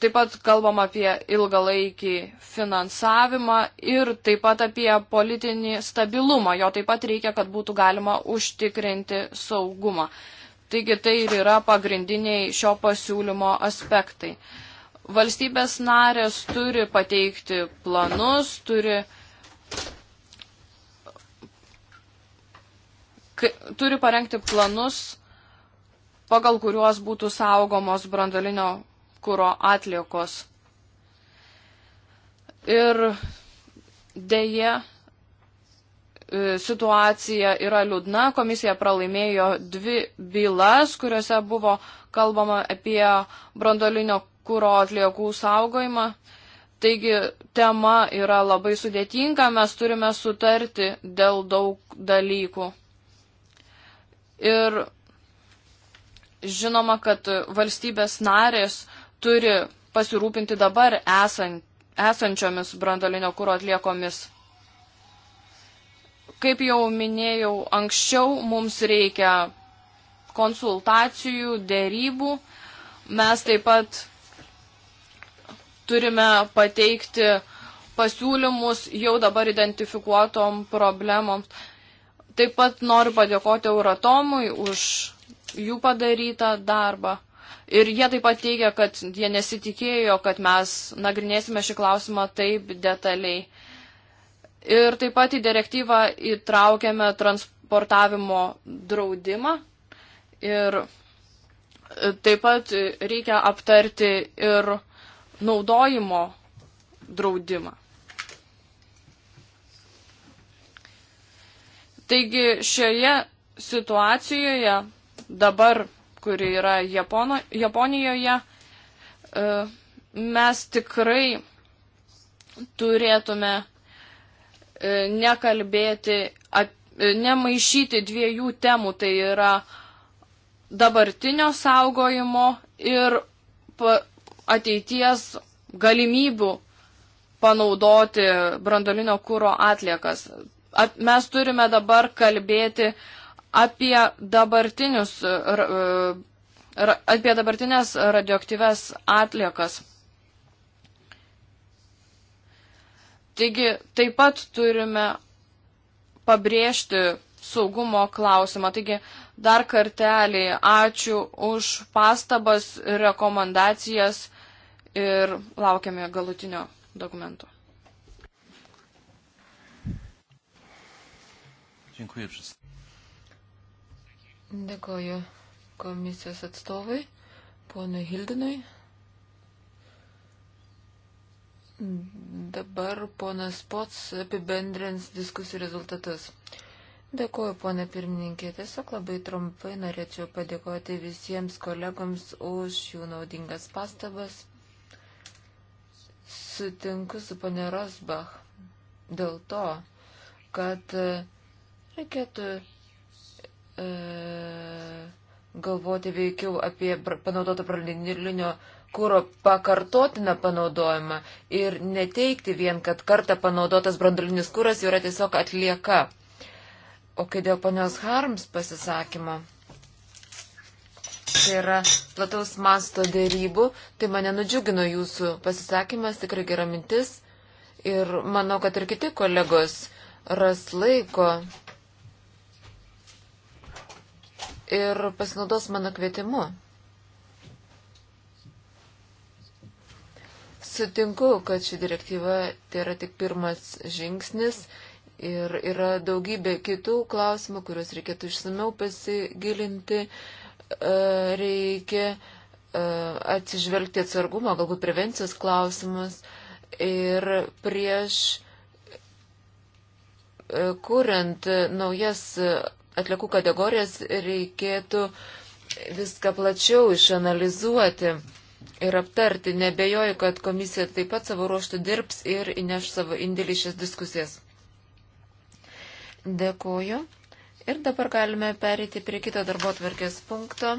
taip pat kalbam apie ilgalaikį finansavimą ir taip pat apie politinį stabilumą. Jo taip pat reikia, kad būtų galima užtikrinti saugumą. Taigi tai ir yra pagrindiniai šio pasiūlymo aspektai. Valstybės narės turi pateikti planus, turi, turi parengti planus, pagal kuriuos būtų saugomos brandolinio kūro atliekos. Ir dėje E, situacija yra liūdna. Komisija pralaimėjo dvi bylas, kuriuose buvo kalbama apie brandolinio kūro atliekų saugojimą. Taigi tema yra labai sudėtinga, mes turime sutarti dėl daug dalykų. Ir žinoma, kad valstybės narės turi pasirūpinti dabar esan, esančiomis brandolinio kūro atliekomis. Kaip jau minėjau anksčiau, mums reikia konsultacijų, dėrybų. Mes taip pat turime pateikti pasiūlymus jau dabar identifikuotom problemom. Taip pat noriu padėkoti Euratomui už jų padarytą darbą. Ir jie taip pat teigia, kad jie nesitikėjo, kad mes nagrinėsime šį klausimą taip detaliai. Ir taip pat į direktyvą įtraukėme transportavimo draudimą ir taip pat reikia aptarti ir naudojimo draudimą. Taigi šioje situacijoje dabar, kuri yra Japono, Japonijoje, e, mes tikrai turėtume E, nekalbėti, at, e, nemaišyti dviejų temų, tai yra dabartinio saugojimo ir ateities galimybių panaudoti brandolinio kūro atliekas. At, mes turime dabar kalbėti apie, dabartinius, ra, e, ra, apie dabartinės radioaktyves atliekas. Taigi taip pat turime pabrėžti saugumo klausimą. Taigi dar kartelį ačiū už pastabas, rekomendacijas ir laukiame galutinio dokumento. Dėkuoju komisijos atstovai, ponui Hildinui. Dabar ponas Pots apibendrins diskusijų rezultatus. Dėkuoju, ponė pirmininkė. Tiesiog labai trumpai norėčiau padėkoti visiems kolegoms už jų naudingas pastabas. Sutinku su ponė Rosbach dėl to, kad e, reikėtų e, galvoti veikiau apie panaudoto pralininio kūro pakartotiną panaudojimą ir neteikti vien, kad kartą panaudotas brandolinis kūras yra tiesiog atlieka. O kai dėl ponios Harms pasisakymo, tai yra plataus masto dėrybų, tai mane nudžiugino jūsų pasisakymas, tikrai gera mintis. Ir manau, kad ir kiti kolegos ras laiko ir pasinaudos mano kvietimu. Sutinku, kad ši direktyva tai yra tik pirmas žingsnis ir yra daugybė kitų klausimų, kuriuos reikėtų išsameu pasigilinti. E, reikia e, atsižvelgti atsargumo, galbūt prevencijos klausimus ir prieš e, kuriant naujas atliekų kategorijas reikėtų viską plačiau išanalizuoti ir aptarti. Nebejoju, kad komisija taip pat savo ruoštų dirbs ir įneš savo indėlį šias diskusijas. Dėkuoju. Ir dabar galime perėti prie kito darbo tvarkės punkto.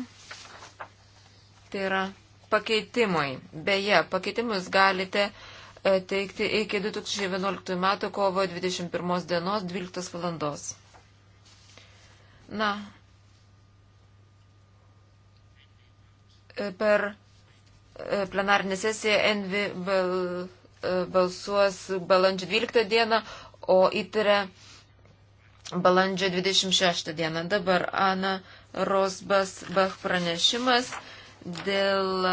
Tai yra pakeitimai. Beje, pakeitimus galite e, teikti iki 2011 metų kovo 21 dienos 12 valandos. Na, e, per E, plenarinė sesija Envi bal, e, balsuos balandžio 12 dieną, o įtarė balandžio 26 dieną. Dabar Ana Rosbas Bach pranešimas dėl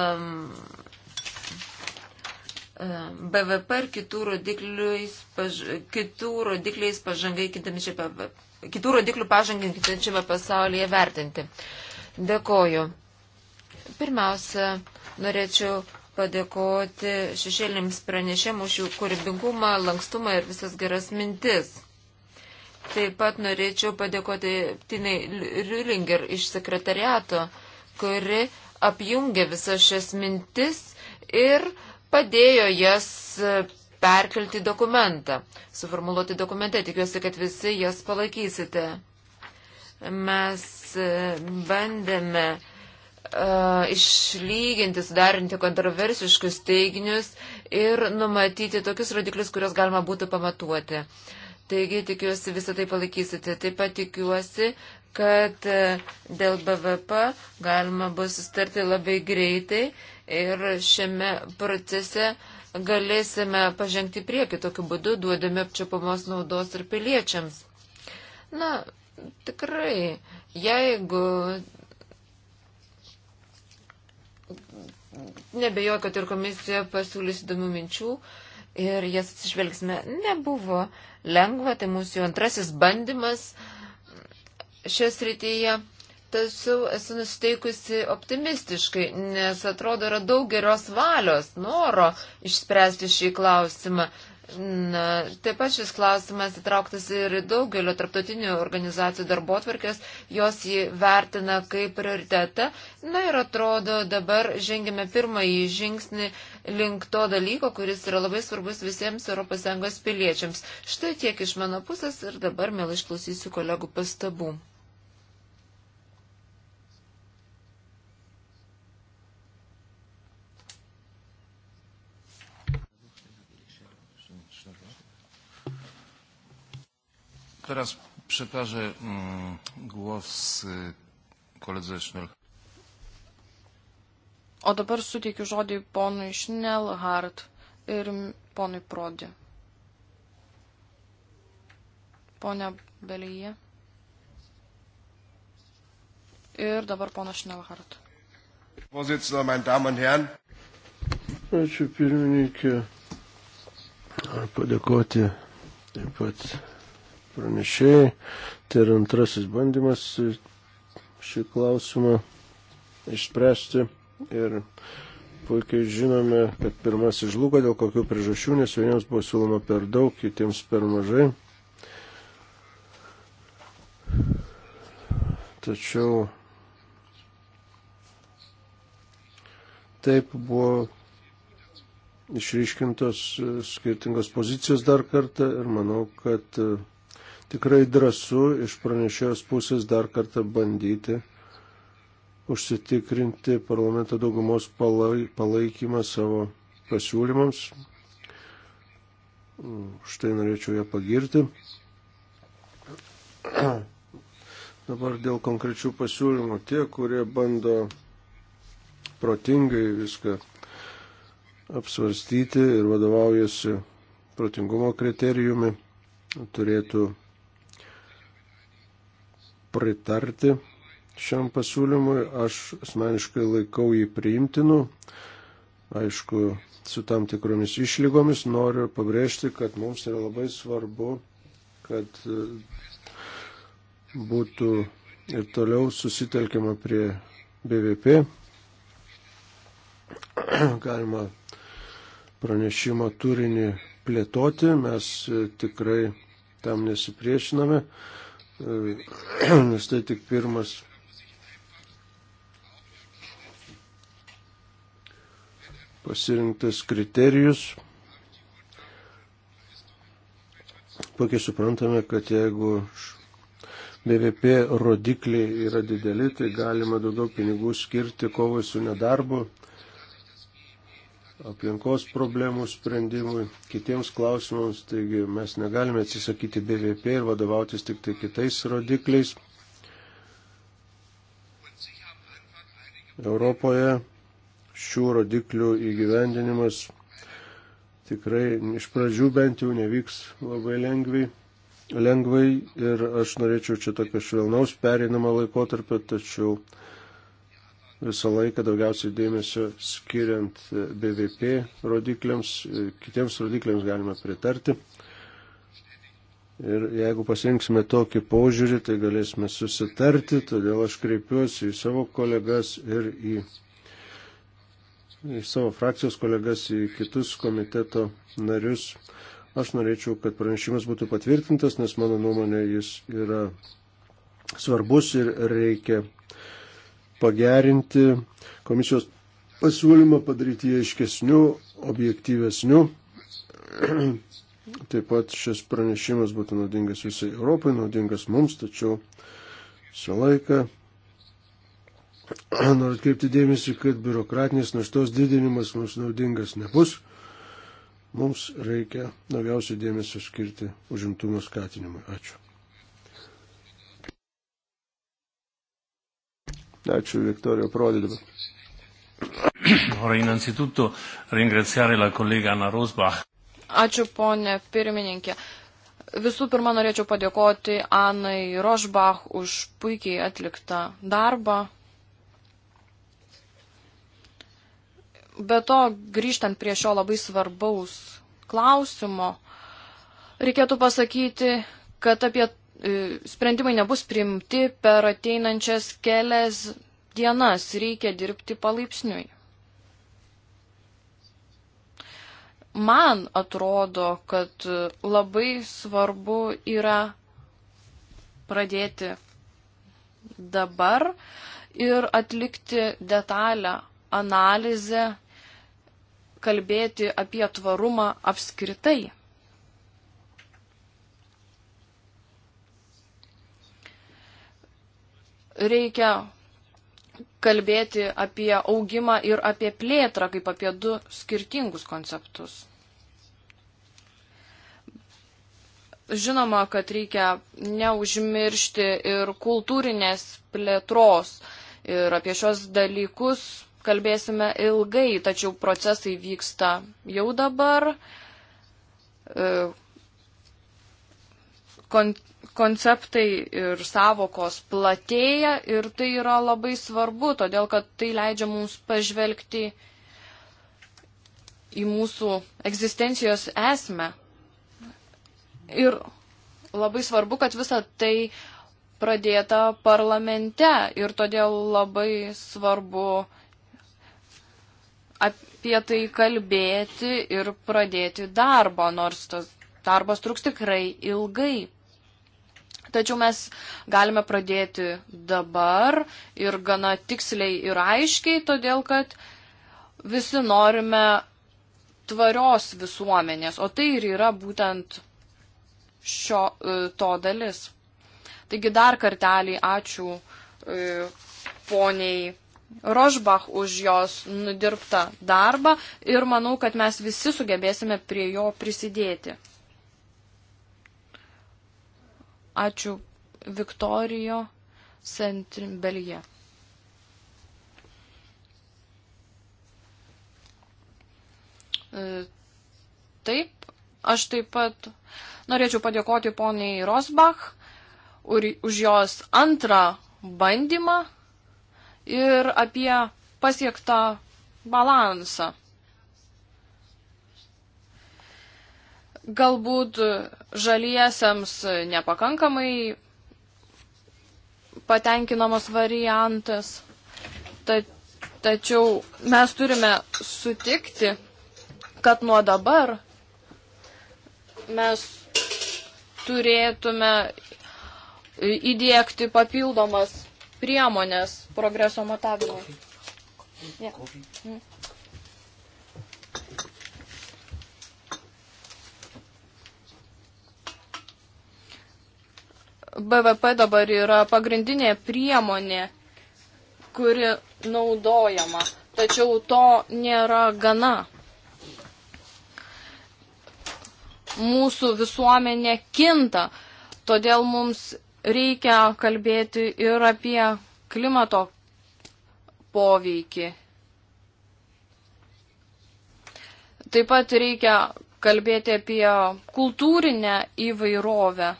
BVP ir kitų rodikliais, paž... kitų rodikliais pažangai kintančiame, kitų rodiklių pažangai kintančiame pasaulyje vertinti. Dėkoju. Pirmiausia, Norėčiau padėkoti šešėlėms pranešėm už jų kūrybingumą, lankstumą ir visas geras mintis. Taip pat norėčiau padėkoti Tinai Riulinger iš sekretariato, kuri apjungė visas šias mintis ir padėjo jas perkelti dokumentą, suformuluoti dokumente. Tikiuosi, kad visi jas palaikysite. Mes e, bandėme E, išlyginti, sudarinti kontroversiškus teiginius ir numatyti tokius rodiklius, kuriuos galima būtų pamatuoti. Taigi tikiuosi visą tai palaikysite. Taip pat tikiuosi, kad e, dėl BVP galima bus sustarti labai greitai ir šiame procese galėsime pažengti prieki tokiu būdu, duodami apčiopamos naudos ir piliečiams. Na, tikrai, jeigu nebejoju, kad ir komisija pasiūlys įdomių minčių ir jas atsižvelgsime. Nebuvo lengva, tai mūsų jau antrasis bandymas šios rytyje. Tačiau esu nusteikusi optimistiškai, nes atrodo yra daug geros valios, noro išspręsti šį klausimą. Na, taip pat šis klausimas įtrauktas ir daugelio tarptautinių organizacijų darbotvarkės, jos jį vertina kaip prioritetą. Na ir atrodo, dabar žengėme pirmąjį žingsnį link to dalyko, kuris yra labai svarbus visiems ES piliečiams. Štai tiek iš mano pusės ir dabar, mėl, išklausysiu kolegų pastabų. Teraz przekażę mm, głos koledze Šnelhardt. O dabar suteikiu žodį ponui Šnelhardt ir ponui Prodi. Pone Belyje. Ir dabar ponas Šnelhardt. Vorsitzender, meine Damen und Herren. Ačiū pirmininkė. Noriu padėkoti taip pat pranešėjai. Tai yra antrasis bandymas šį klausimą išspręsti. Ir puikiai žinome, kad pirmasis žlugo dėl kokių priežasčių, nes vieniems buvo siūloma per daug, kitiems per mažai. Tačiau taip buvo išryškintos skirtingos pozicijos dar kartą ir manau, kad tikrai drasu iš pranešėjos pusės dar kartą bandyti užsitikrinti parlamento daugumos palaikymą savo pasiūlymams. Štai norėčiau ją pagirti. Dabar dėl konkrečių pasiūlymų. Tie, kurie bando protingai viską apsvarstyti ir vadovaujasi protingumo kriterijumi, turėtų pritarti šiam pasiūlymui. Aš asmeniškai laikau jį priimtinu. Aišku, su tam tikromis išlygomis noriu pabrėžti, kad mums yra labai svarbu, kad e, būtų ir toliau susitelkiama prie BVP. Galima pranešimo turinį plėtoti, mes e, tikrai tam nesipriešiname. nes tai tik pirmas. Pasirinktas kriterijus. Puikiai suprantame, kad jeigu BVP rodikliai yra dideli, tai galima daugiau pinigų skirti kovai su nedarbu, aplinkos problemų sprendimui, kitiems klausimams, taigi mes negalime atsisakyti BVP ir vadovautis tik tai kitais rodikliais. Europoje šių rodiklių įgyvendinimas tikrai iš pradžių bent jau nevyks labai lengvai, lengvai ir aš norėčiau čia tokio švelnaus pereinamą laikotarpį, tačiau visą laiką daugiausiai dėmesio skiriant BVP rodikliams, kitiems rodikliams galime pritarti. Ir jeigu pasirinksime tokį požiūrį, tai galėsime susitarti, todėl aš kreipiuosi į savo kolegas ir į, į savo frakcijos kolegas, į kitus komiteto narius. Aš norėčiau, kad pranešimas būtų patvirtintas, nes mano nuomonė jis yra svarbus ir reikia pagerinti komisijos pasiūlymą, padaryti jį aiškesniu, objektyvesniu. Taip pat šis pranešimas būtų naudingas visai Europai, naudingas mums, tačiau visą laiką noriu atkreipti dėmesį, kad biurokratinės naštos didinimas mums naudingas nebus. Mums reikia daugiausiai dėmesio skirti užimtumo skatinimui. Ačiū. Ačiū Viktorijo Prodidimą. Vorrei innanzitutto ringraziare la collega Anna Rosbach. Ačiū ponė pirmininkė. Visų pirma, norėčiau padėkoti Anai Rožbach už puikiai atliktą darbą. Be to, grįžtant prie šio labai svarbaus klausimo, reikėtų pasakyti, kad apie E, sprendimai nebus priimti per ateinančias kelias dienas, reikia dirbti palaipsniui. Man atrodo, kad labai svarbu yra pradėti dabar ir atlikti detalę analizę, kalbėti apie tvarumą apskritai. reikia kalbėti apie augimą ir apie plėtrą kaip apie du skirtingus konceptus. Žinoma, kad reikia neužmiršti ir kultūrinės plėtros ir apie šios dalykus kalbėsime ilgai, tačiau procesai vyksta jau dabar. E, kon konceptai ir savokos platėja ir tai yra labai svarbu, todėl kad tai leidžia mums pažvelgti į mūsų egzistencijos esmę. Ir labai svarbu, kad visa tai pradėta parlamente ir todėl labai svarbu apie tai kalbėti ir pradėti darbą, nors tas darbas truks tikrai ilgai. Tačiau mes galime pradėti dabar ir gana tiksliai ir aiškiai, todėl kad visi norime tvarios visuomenės, o tai ir yra būtent šio, e, to dalis. Taigi dar kartelį ačiū e, poniai Rožbach už jos nudirbtą darbą ir manau, kad mes visi sugebėsime prie jo prisidėti. Ačiū Viktorijo Sentrimbelje. E, taip, aš taip pat norėčiau padėkoti poniai Rosbach už jos antrą bandymą ir apie pasiektą balansą. Galbūt žaliesiams nepakankamai patenkinamas variantas, ta, tačiau mes turime sutikti, kad nuo dabar mes turėtume įdėkti papildomas priemonės progreso matavimui. Yeah. Mm. BVP dabar yra pagrindinė priemonė, kuri naudojama. Tačiau to nėra gana. Mūsų visuomenė kinta, todėl mums reikia kalbėti ir apie klimato poveikį. Taip pat reikia kalbėti apie kultūrinę įvairovę.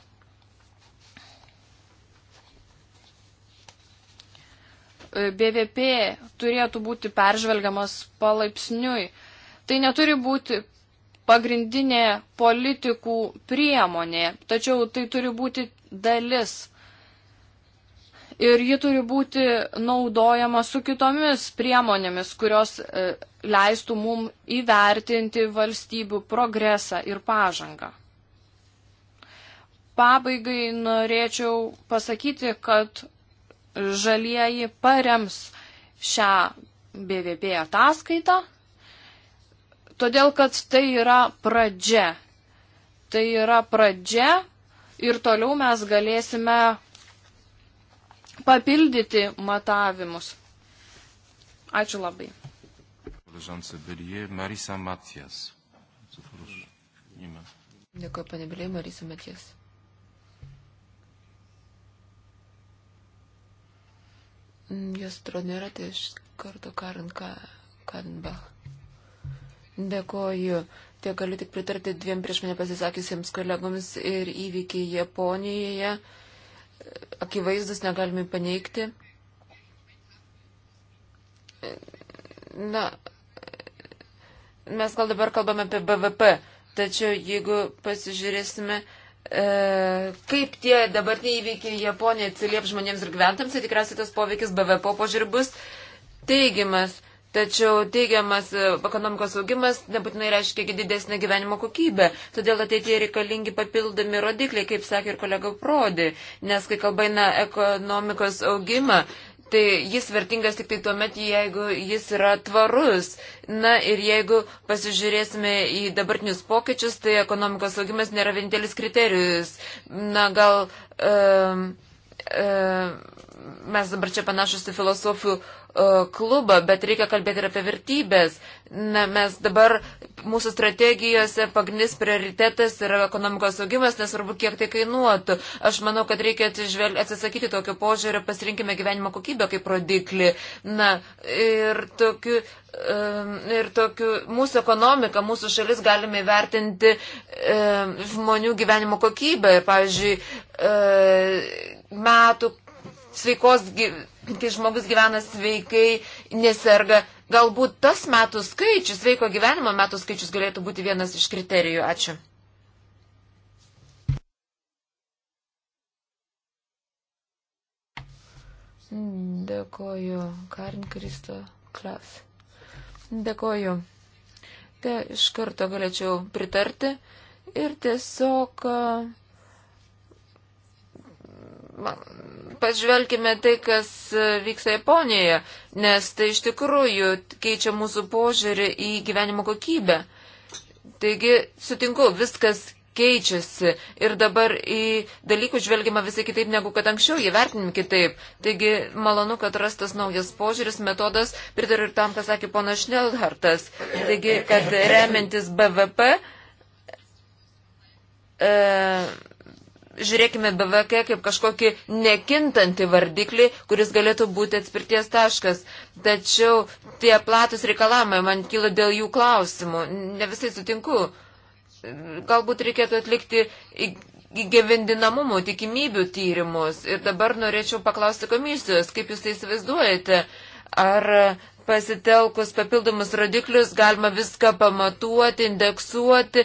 BVP turėtų būti peržvelgiamas palaipsniui. Tai neturi būti pagrindinė politikų priemonė, tačiau tai turi būti dalis. Ir ji turi būti naudojama su kitomis priemonėmis, kurios e, leistų mum įvertinti valstybių progresą ir pažangą. Pabaigai norėčiau pasakyti, kad žalieji parems šią BVP ataskaitą, todėl kad tai yra pradžia. Tai yra pradžia ir toliau mes galėsime papildyti matavimus. Ačiū labai. Dėkui, panebėlė, Marisa Matijas. Jos atrodo nėra, tai iš karto Karin Kadenbach. Dėkoju. Tiek galiu tik pritarti dviem prieš mane pasisakysiems kolegoms ir įvykiai Japonijoje. Akivaizdus negalime paneigti. Na, mes gal dabar kalbame apie BVP, tačiau jeigu pasižiūrėsime E, kaip tie dabartiniai įvykiai Japonija atsiliep žmonėms ir gyventams, tai tikriausiai tas poveikis BVP požiūrį bus teigiamas. Tačiau teigiamas e, ekonomikos augimas nebūtinai reiškia didesnę gyvenimo kokybę, todėl ateityje reikalingi papildomi rodikliai, kaip sakė ir kolega Prodi, nes kai kalba eina ekonomikos augimą, tai jis vertingas tik tai tuo met, jeigu jis yra tvarus. Na ir jeigu pasižiūrėsime į dabartinius pokyčius, tai ekonomikos augimas nėra vienintelis kriterijus. Na gal um, um, mes dabar čia panašus į filosofų E, klubą, bet reikia kalbėti ir apie vertybės. Na, mes dabar mūsų strategijose pagrindinis prioritetas yra ekonomikos augimas, nesvarbu, kiek tai kainuotų. Aš manau, kad reikia atsižvel... atsisakyti tokio požiūrio, pasirinkime gyvenimo kokybę kaip rodiklį. Na, ir tokiu, ir tokiu mūsų ekonomiką, mūsų šalis galime vertinti žmonių gyvenimo kokybę. Ir, pavyzdžiui, e, metų sveikos gyvenimo kai žmogus gyvena sveikai, neserga, galbūt tas metų skaičius, sveiko gyvenimo metų skaičius galėtų būti vienas iš kriterijų. Ačiū. Dėkoju, Karin Kristo Klas. Dėkoju. Te iš karto galėčiau pritarti ir tiesiog pažvelkime tai, kas vyksta Japonijoje, nes tai iš tikrųjų keičia mūsų požiūrį į gyvenimo kokybę. Taigi, sutinku, viskas keičiasi ir dabar į dalykų žvelgiama visai kitaip negu kad anksčiau, jį vertinim kitaip. Taigi, malonu, kad rastas naujas požiūris, metodas, pritariu ir tam, ką sakė pona Šnelhartas. Taigi, kad remiantis BVP. E, žiūrėkime BVK kaip kažkokį nekintantį vardiklį, kuris galėtų būti atspirties taškas. Tačiau tie platus reikalavimai man kilo dėl jų klausimų. Ne visai sutinku. Galbūt reikėtų atlikti įgyvendinamumų, tikimybių tyrimus. Ir dabar norėčiau paklausti komisijos, kaip jūs tai įsivaizduojate. Ar pasitelkus papildomus rodiklius galima viską pamatuoti, indeksuoti,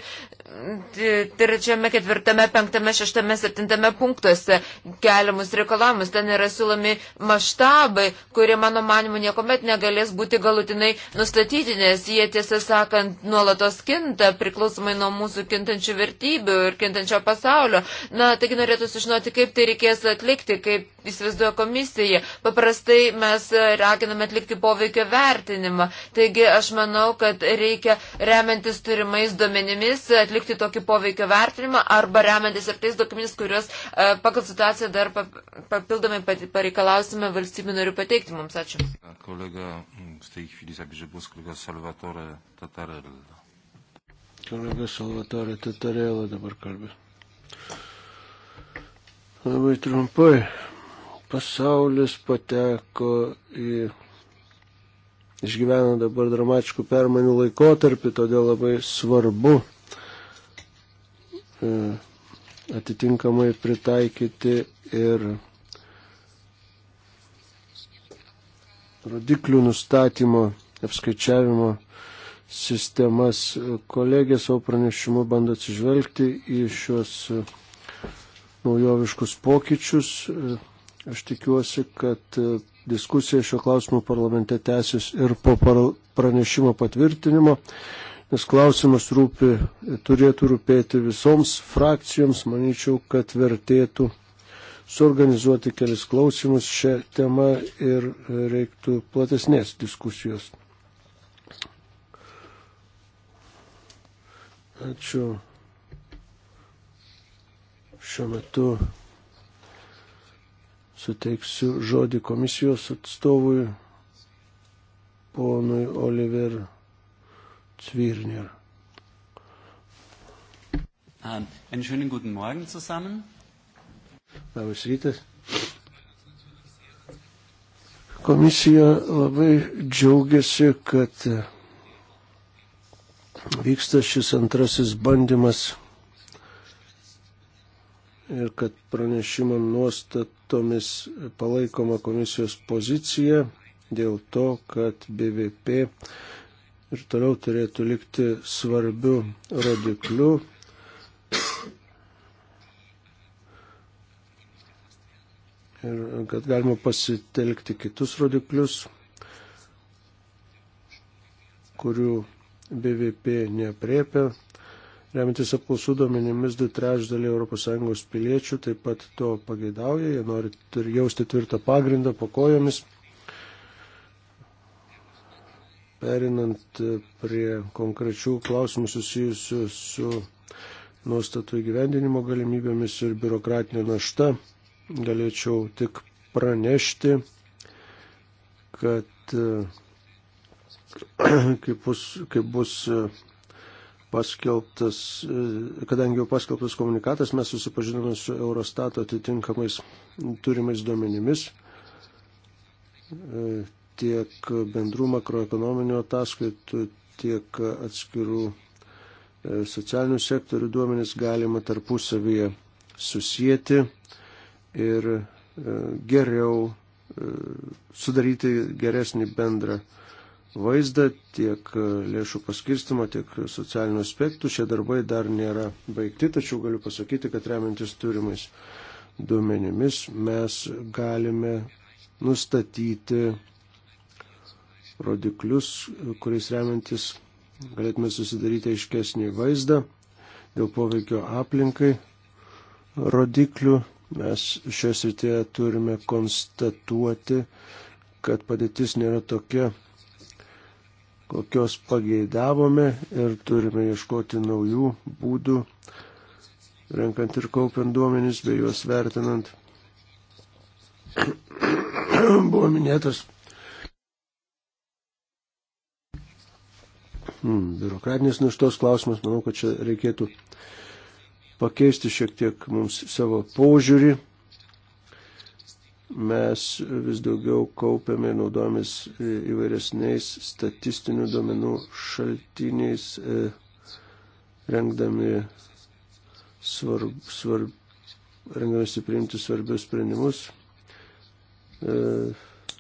trečiame, ketvirtame, penktame, šeštame, septintame punktuose keliamus reikalavimus. Ten yra siūlomi maštabai, kurie, mano manimu, niekuomet negalės būti galutinai nustatyti, nes jie, tiesą sakant, nuolatos kinta, priklausomai nuo mūsų kintančių vertybių ir kintančio pasaulio. Na, taigi norėtų sužinoti, kaip tai reikės atlikti, kaip įsivaizduoja komisija. Paprastai mes raginame atlikti poveikio vertinimą. Taigi aš manau, kad reikia remiantis turimais duomenimis atlikti atlikti tokį poveikio vertinimą arba remiantis ir tais dokumentais, kuriuos e, pagal situaciją dar papildomai pareikalausime valstybių norių pateikti mums. Ačiū. Kolega, mm, v tej chwili zabierze głos kolega Salvatore Tatarella. Kolega Salvatore Tatarella dabar kalbės. Labai trumpai. Pasaulis pateko į išgyvena dabar dramatiškų permainų laikotarpį, todėl labai svarbu E, atitinkamai pritaikyti ir rodiklių nustatymo, apskaičiavimo sistemas. Kolegė savo pranešimu bando atsižvelgti į šios naujoviškus pokyčius. Aš tikiuosi, kad diskusija šio klausimu parlamente tęsis ir po pranešimo patvirtinimo nes klausimas rūpi, turėtų rūpėti visoms frakcijoms, manyčiau, kad vertėtų suorganizuoti kelis klausimus šią temą ir reiktų platesnės diskusijos. Ačiū. Šiuo metu suteiksiu žodį komisijos atstovui ponui Oliver Zwirner. Ähm, einen schönen guten Morgen zusammen. Labas rytas. Komisija labai džiaugiasi, kad e, vyksta šis antrasis bandymas ir kad pranešimo nuostatomis palaikoma komisijos pozicija dėl to, kad BVP ir toliau turėtų likti svarbių rodiklių. Ir kad galima pasitelkti kitus rodiklius, kurių BVP nepriepia. Remintis apklausų duomenimis, du trečdaliai ES piliečių taip pat to pageidauja, jie nori jausti tvirtą pagrindą po kojomis Perinant prie konkrečių klausimų susijusių su nuostatų įgyvendinimo galimybėmis ir biurokratinė našta, galėčiau tik pranešti, kad kaip bus, kaip bus paskelbtas, kadangi jau paskelbtas komunikatas, mes susipažinome su Eurostato atitinkamais turimais duomenimis tiek bendrų makroekonominių ataskaitų, tiek atskirų e, socialinių sektorių duomenys galima tarpusavyje susijęti ir e, geriau e, sudaryti geresnį bendrą vaizdą tiek lėšų paskirstimo, tiek socialinių aspektų. Šie darbai dar nėra baigti, tačiau galiu pasakyti, kad remiantis turimais duomenimis mes galime nustatyti rodiklius, kuriais remiantis galėtume susidaryti aiškesnį vaizdą dėl poveikio aplinkai rodiklių. Mes šioje srityje turime konstatuoti, kad padėtis nėra tokia, kokios pageidavome ir turime ieškoti naujų būdų, renkant ir kaupiant duomenys bei juos vertinant. Buvo minėtas mm, biurokratinės naštos klausimas, manau, kad čia reikėtų pakeisti šiek tiek mums savo požiūrį. Mes vis daugiau kaupiame ir naudojamės e, įvairesniais statistinių duomenų šaltiniais, e, rengdami svarb, svarb, rengdamėsi priimti svarbius sprendimus. E,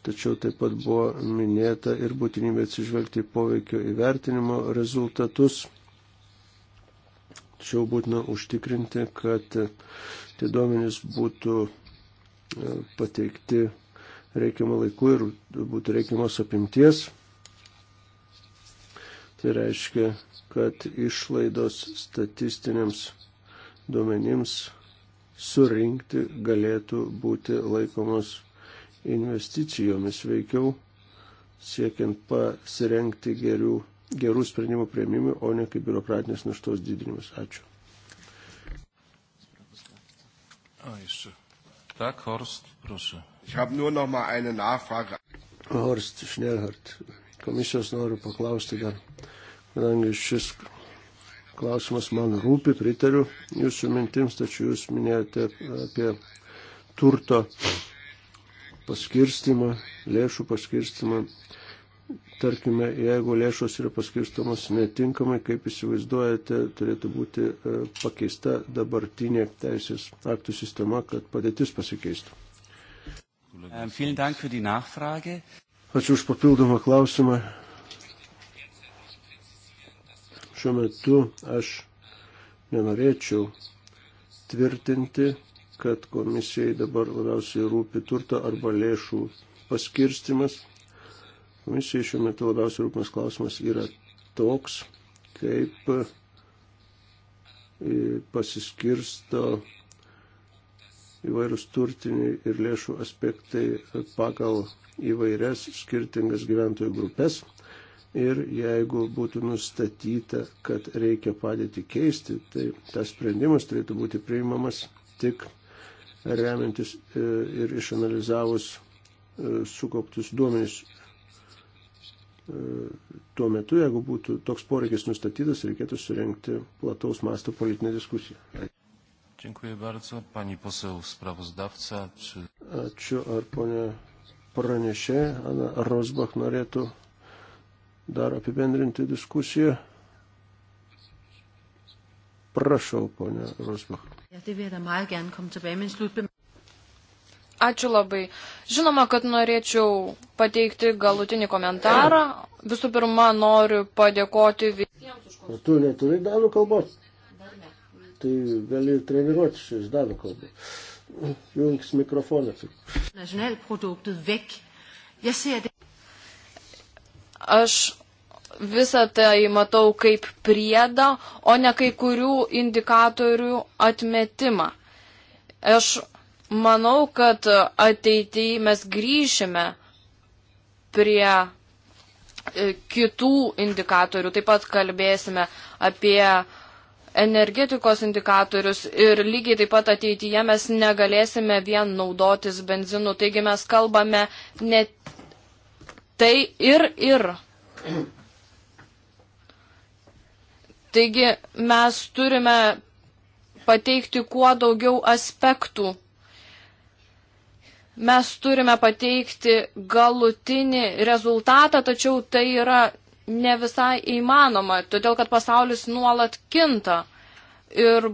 tačiau taip pat buvo minėta ir būtinybė atsižvelgti į poveikio įvertinimo rezultatus. Tačiau būtina užtikrinti, kad tie duomenys būtų e, pateikti reikiamą laiku ir būtų reikiamos apimties. Tai reiškia, kad išlaidos statistiniams duomenims surinkti galėtų būti laikomos investicijomis, veikiau siekiant pasirengti gerių, gerų sprendimų prieimimui, o ne kaip biurokratinės naštos didinimas. Ačiū. Tak, Horst, proszę. Ich habe nur noch mal eine Nachfrage. Horst Schnellhardt, komisijos noriu paklausti dar, kadangi šis klausimas man rūpi, pritariu jūsų mintims, tačiau jūs minėjote apie turto paskirstimą, lėšų paskirstimą. Tarkime, jeigu lėšos yra paskirstamos netinkamai, kaip įsivaizduojate, turėtų būti e, pakeista dabartinė teisės aktų sistema, kad padėtis pasikeistų. Ähm, Ačiū už papildomą klausimą. Šiuo metu aš nenorėčiau tvirtinti kad komisijai dabar labiausiai rūpi turto arba lėšų paskirstimas. Komisijai šiuo metu labiausiai rūpimas klausimas yra toks, kaip e, pasiskirsto įvairūs turtiniai ir lėšų aspektai pagal įvairias skirtingas gyventojų grupės. Ir jeigu būtų nustatyta, kad reikia padėti keisti, tai tas sprendimas turėtų būti priimamas tik remiantis e, ir išanalizavus e, sukauptus duomenys e, tuo metu, jeigu būtų toks poreikis nustatytas, reikėtų surenkti plataus masto politinę diskusiją. Dziękuję bardzo. Pani poseł sprawozdawca, czy... Ačiū, ar ponia pranešė, Ana Rosbach norėtų dar apibendrinti diskusiją. Prašau, ponia Rosbach. Ačiū labai. Žinoma, kad norėčiau pateikti galutinį komentarą. Visų pirma, noriu padėkoti visiems už komentarą. Tu neturi danų kalbos? Dar ne. Tai gali treniruotis iš danų kalbos. Jungs mikrofoną. Aš visą tai matau kaip priedą, o ne kai kurių indikatorių atmetimą. Aš manau, kad ateityje mes grįšime prie e, kitų indikatorių. Taip pat kalbėsime apie energetikos indikatorius ir lygiai taip pat ateityje mes negalėsime vien naudotis benzinu. Taigi mes kalbame ne tai ir ir. Taigi mes turime pateikti kuo daugiau aspektų. Mes turime pateikti galutinį rezultatą, tačiau tai yra ne visai įmanoma, todėl kad pasaulis nuolat kinta. Ir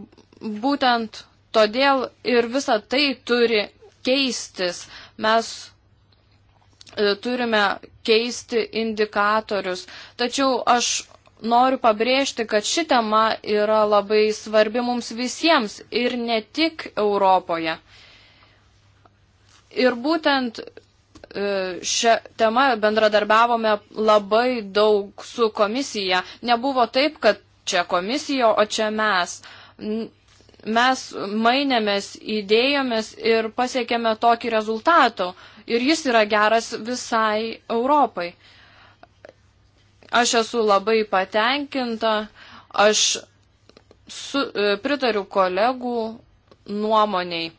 būtent todėl ir visa tai turi keistis. Mes e, turime keisti indikatorius. Tačiau aš noriu pabrėžti, kad ši tema yra labai svarbi mums visiems ir ne tik Europoje. Ir būtent e, šią temą bendradarbiavome labai daug su komisija. Nebuvo taip, kad čia komisija, o čia mes. Mes mainėmės idėjomis ir pasiekėme tokį rezultatą. Ir jis yra geras visai Europai. Uh, Aš esu labai patenkinta, aš su, e, pritariu kolegų nuomoniai.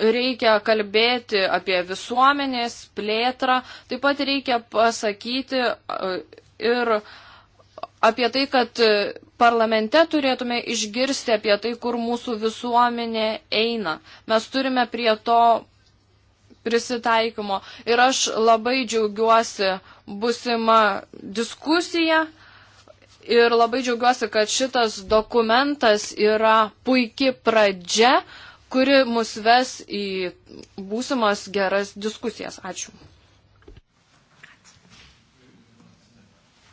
Reikia kalbėti apie visuomenės plėtrą, taip pat reikia pasakyti e, ir apie tai, kad e, parlamente turėtume išgirsti apie tai, kur mūsų visuomenė eina. Mes turime prie to prisitaikymo. Ir aš labai džiaugiuosi busima diskusija ir labai džiaugiuosi, kad šitas dokumentas yra puikia pradžia, kuri mus ves į būsimas geras diskusijas. Ačiū.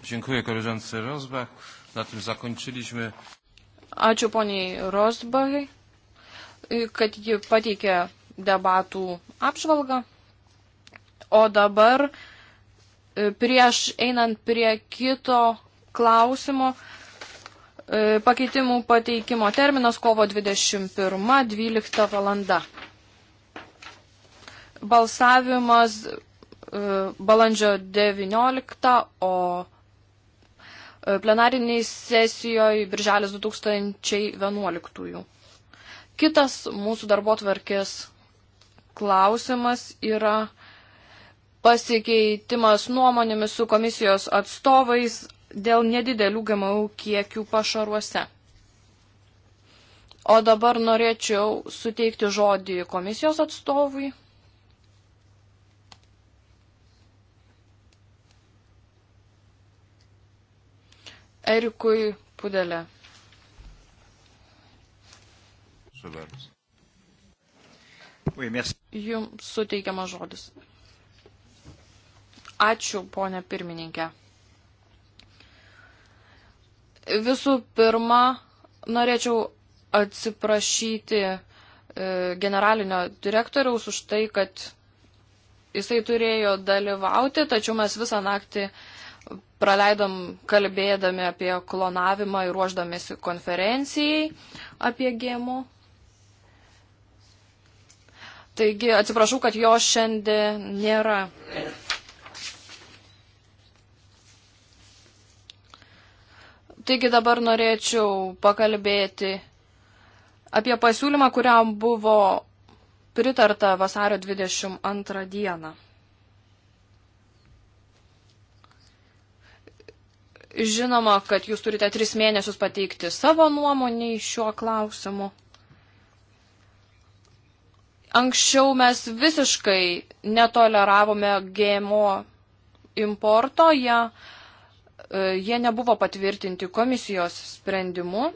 Dziękuję koleżance Rozbach. Na tym zakończyliśmy. Ačiū poniai Rozbachai, kad ji pateikė debatų apžvalgą. O dabar prieš einant prie kito klausimo, e, pakeitimų pateikimo terminas kovo 21.12 valanda. Balsavimas e, balandžio 19, o e, plenariniai sesijoje birželis 2011. Kitas mūsų darbo tvarkės klausimas yra pasikeitimas nuomonėmis su komisijos atstovais dėl nedidelių GMO kiekių pašaruose. O dabar norėčiau suteikti žodį komisijos atstovui. Erikui Pudelė. Jums suteikiamas žodis. Ačiū, ponė pirmininkė. Visų pirma, norėčiau atsiprašyti e, generalinio direktoriaus už tai, kad jisai turėjo dalyvauti, tačiau mes visą naktį praleidom kalbėdami apie klonavimą ir ruoždamėsi konferencijai apie gėmų. Taigi atsiprašau, kad jo šiandien nėra. Taigi dabar norėčiau pakalbėti apie pasiūlymą, kuriam buvo pritarta vasario 22 dieną. Žinoma, kad jūs turite tris mėnesius pateikti savo nuomonį šiuo klausimu. Anksčiau mes visiškai netoleravome GMO importo, jie ja E, jie nebuvo patvirtinti komisijos sprendimu.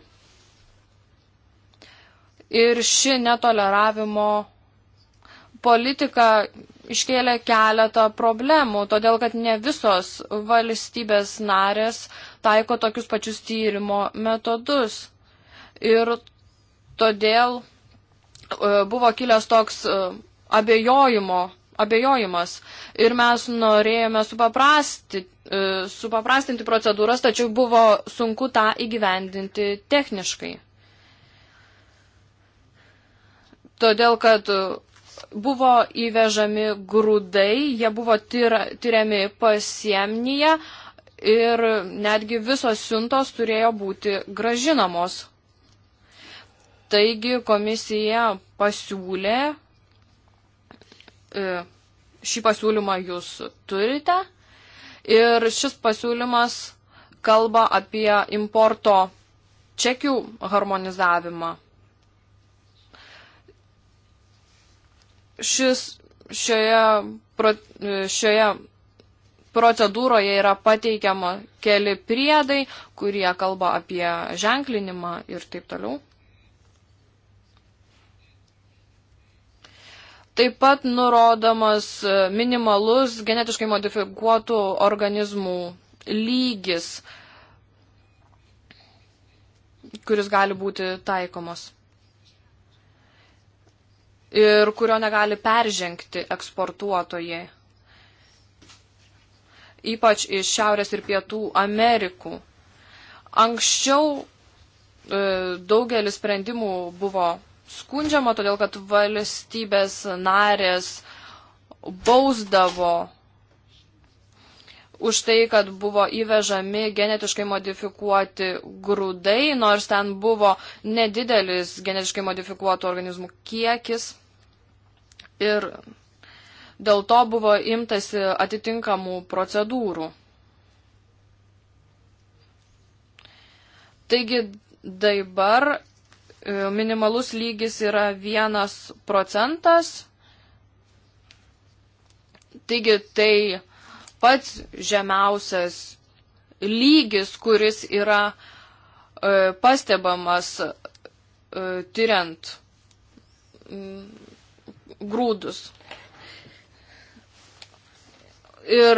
Ir ši netoleravimo politika iškėlė keletą problemų, todėl kad ne visos valstybės narės taiko tokius pačius tyrimo metodus. Ir todėl e, buvo kilęs toks e, abejojimo abejojimas. Ir mes norėjome supaprasti, E, supaprastinti procedūras, tačiau buvo sunku tą įgyvendinti techniškai. Todėl, kad buvo įvežami grūdai, jie buvo tyra, tyriami pasiemnyje ir netgi visos siuntos turėjo būti gražinamos. Taigi komisija pasiūlė, e, šį pasiūlymą jūs turite Ir šis pasiūlymas kalba apie importo čekių harmonizavimą. Šis šioje, šioje procedūroje yra pateikiama keli priedai, kurie kalba apie ženklinimą ir taip toliau. Taip pat nurodomas e, minimalus genetiškai modifikuotų organizmų lygis, kuris gali būti taikomas ir kurio negali peržengti eksportuotojai, ypač iš Šiaurės ir Pietų Amerikų. Anksčiau e, daugelis sprendimų buvo skundžiama, todėl kad valstybės narės bausdavo už tai, kad buvo įvežami genetiškai modifikuoti grūdai, nors ten buvo nedidelis genetiškai modifikuotų organizmų kiekis. Ir dėl to buvo imtasi atitinkamų procedūrų. Taigi dabar E, minimalus lygis yra 1 procentas. Taigi tai pats žemiausias lygis, kuris yra e, pastebamas e, tyriant m, grūdus. Ir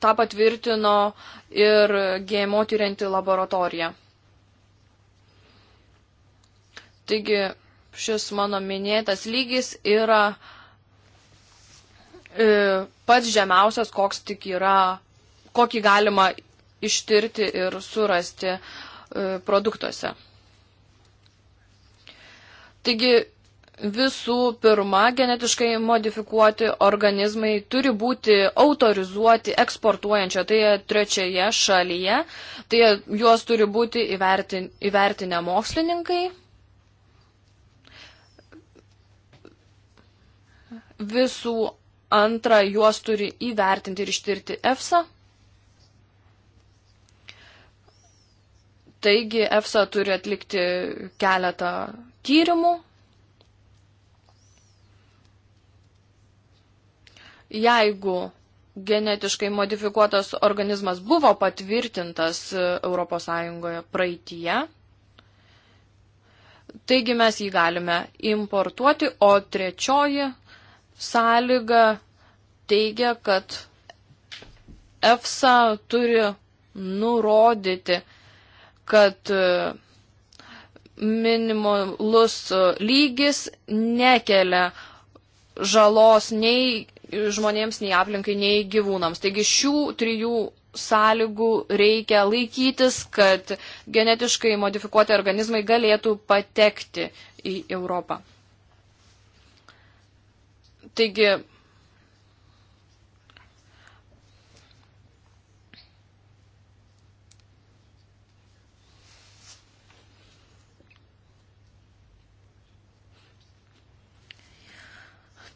tą patvirtino ir GMO tyrianti laboratorija. Taigi šis mano minėtas lygis yra e, pats žemiausias, koks tik yra, kokį galima ištirti ir surasti e, produktuose. Taigi visų pirma, genetiškai modifikuoti organizmai turi būti autorizuoti eksportuojančio, tai trečioje šalyje, tai juos turi būti įvertin, įvertinę mokslininkai Visų antra, juos turi įvertinti ir ištirti EFSA. Taigi EFSA turi atlikti keletą tyrimų. Jeigu genetiškai modifikuotas organizmas buvo patvirtintas ES praeitie, taigi mes jį galime importuoti, o trečioji sąlyga teigia, kad EFSA turi nurodyti, kad e, minimalus e, lygis nekelia žalos nei žmonėms, nei aplinkai, nei gyvūnams. Taigi šių trijų sąlygų reikia laikytis, kad genetiškai modifikuoti organizmai galėtų patekti į Europą. Taigi,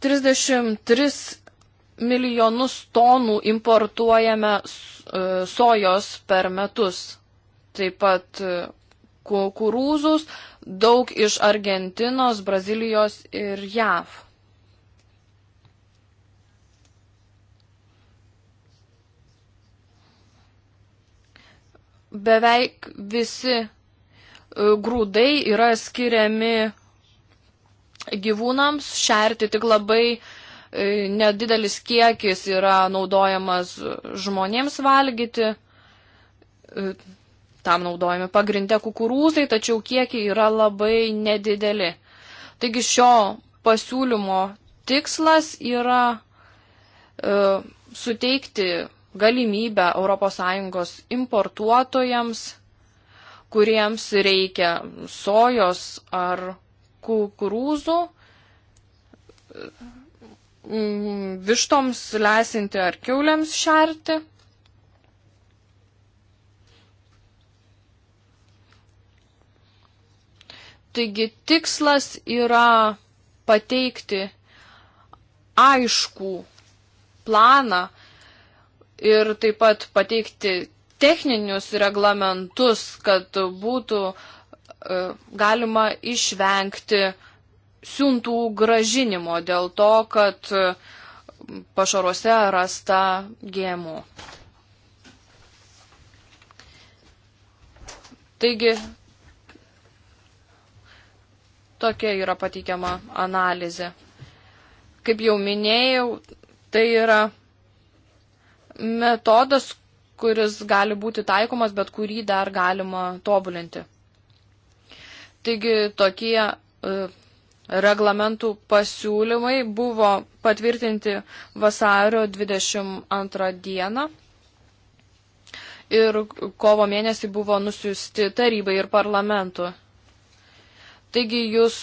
Trisdešimt tris milijonus tonų importuojame e, sojos per metus. Taip pat e, kukurūzus daug iš Argentinos, Brazilijos ir JAV. beveik visi e, grūdai yra skiriami gyvūnams, šerti tik labai e, nedidelis kiekis yra naudojamas žmonėms valgyti. E, tam naudojami pagrindę kukurūzai, tačiau kiekiai yra labai nedideli. Taigi šio pasiūlymo tikslas yra e, suteikti galimybę ES importuotojams, kuriems reikia sojos ar kukurūzų, vištoms lesinti ar kiauliams šerti. Taigi tikslas yra pateikti aišku planą, ir taip pat pateikti techninius reglamentus, kad būtų e, galima išvengti siuntų gražinimo dėl to, kad e, pašaruose rasta gėmų. Taigi, tokia yra pateikiama analizė. Kaip jau minėjau, tai yra metodas, kuris gali būti taikomas, bet kurį dar galima tobulinti. Taigi tokie e, reglamentų pasiūlymai buvo patvirtinti vasario 22 dieną ir kovo mėnesį buvo nusiusti tarybai ir parlamentu. Taigi jūs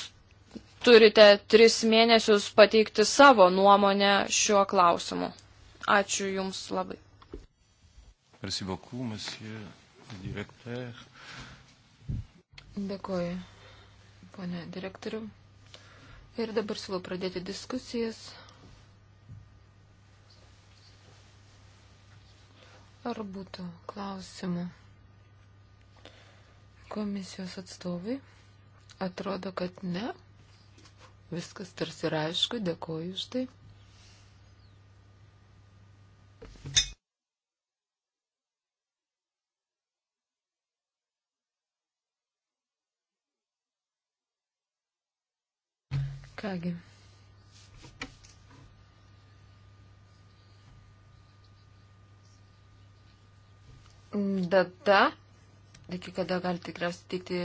turite tris mėnesius pateikti savo nuomonę šiuo klausimu. Ačiū Jums labai. Merci beaucoup, monsieur direktor. Dėkuoju, ponė direktoriu. Ir dabar siūlau pradėti diskusijas. Ar būtų klausimų komisijos atstovai? Atrodo, kad ne. Viskas tarsi yra aišku, dėkoju už tai. Kągi. Data, iki kada gali tikriausiai teikti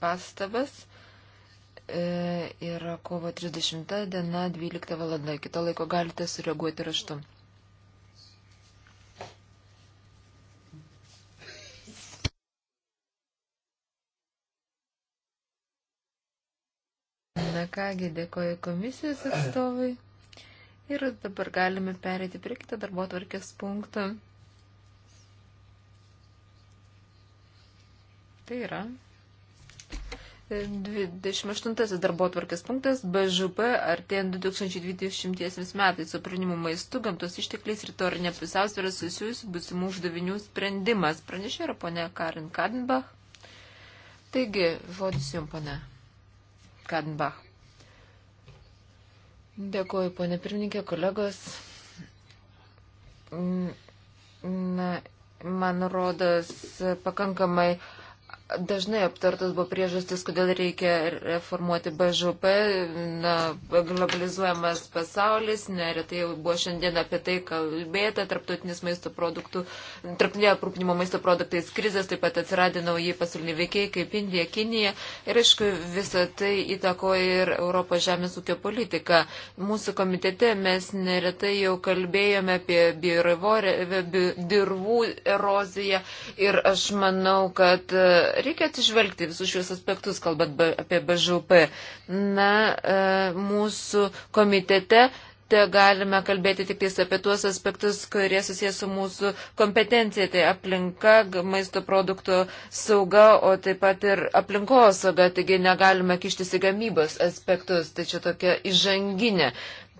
pastabas, e, yra kovo 30 diena 12 valanda. Kita laiko galite sureaguoti raštu. Kągi, dėkoju komisijos atstovai. Ir dabar galime perėti prie kito darbo tvarkės punkto. Tai yra 28 darbo tvarkės punktas BŽP artėjant 2020 metais su pranimu maistu, gamtos ištekliais ir torinė pusiausvėra susijusių būsimų uždavinių sprendimas. Pranešė yra ponia Karin Kadenbach. Taigi, žodis jums, ponia Kadenbach. Dėkuoju, ponė pirmininkė, kolegos. Mm, na, man rodos, pakankamai Dažnai aptartas buvo priežastis, kodėl reikia reformuoti BŽP, na, globalizuojamas pasaulis, neretai jau buvo šiandien apie tai kalbėta, tarptautinis maisto produktų, tarptautinio aprūpinimo maisto produktais krizės, taip pat atsiradė nauji pasauliniai veikiai kaip Indija, Kinija ir aišku, visą tai įtakoja ir Europos žemės ūkio politika. Mūsų komitete mes neretai jau kalbėjome apie biodirvų eroziją ir aš manau, kad Reikia atsižvelgti visus šios aspektus, kalbant apie BŽP. Na, e, mūsų komitete te galime kalbėti tik tais apie tuos aspektus, kurie susijęs su mūsų kompetencija, tai aplinka, maisto produktų sauga, o taip pat ir aplinkos sauga, taigi negalime kištis į gamybos aspektus, tai čia tokia įžanginė.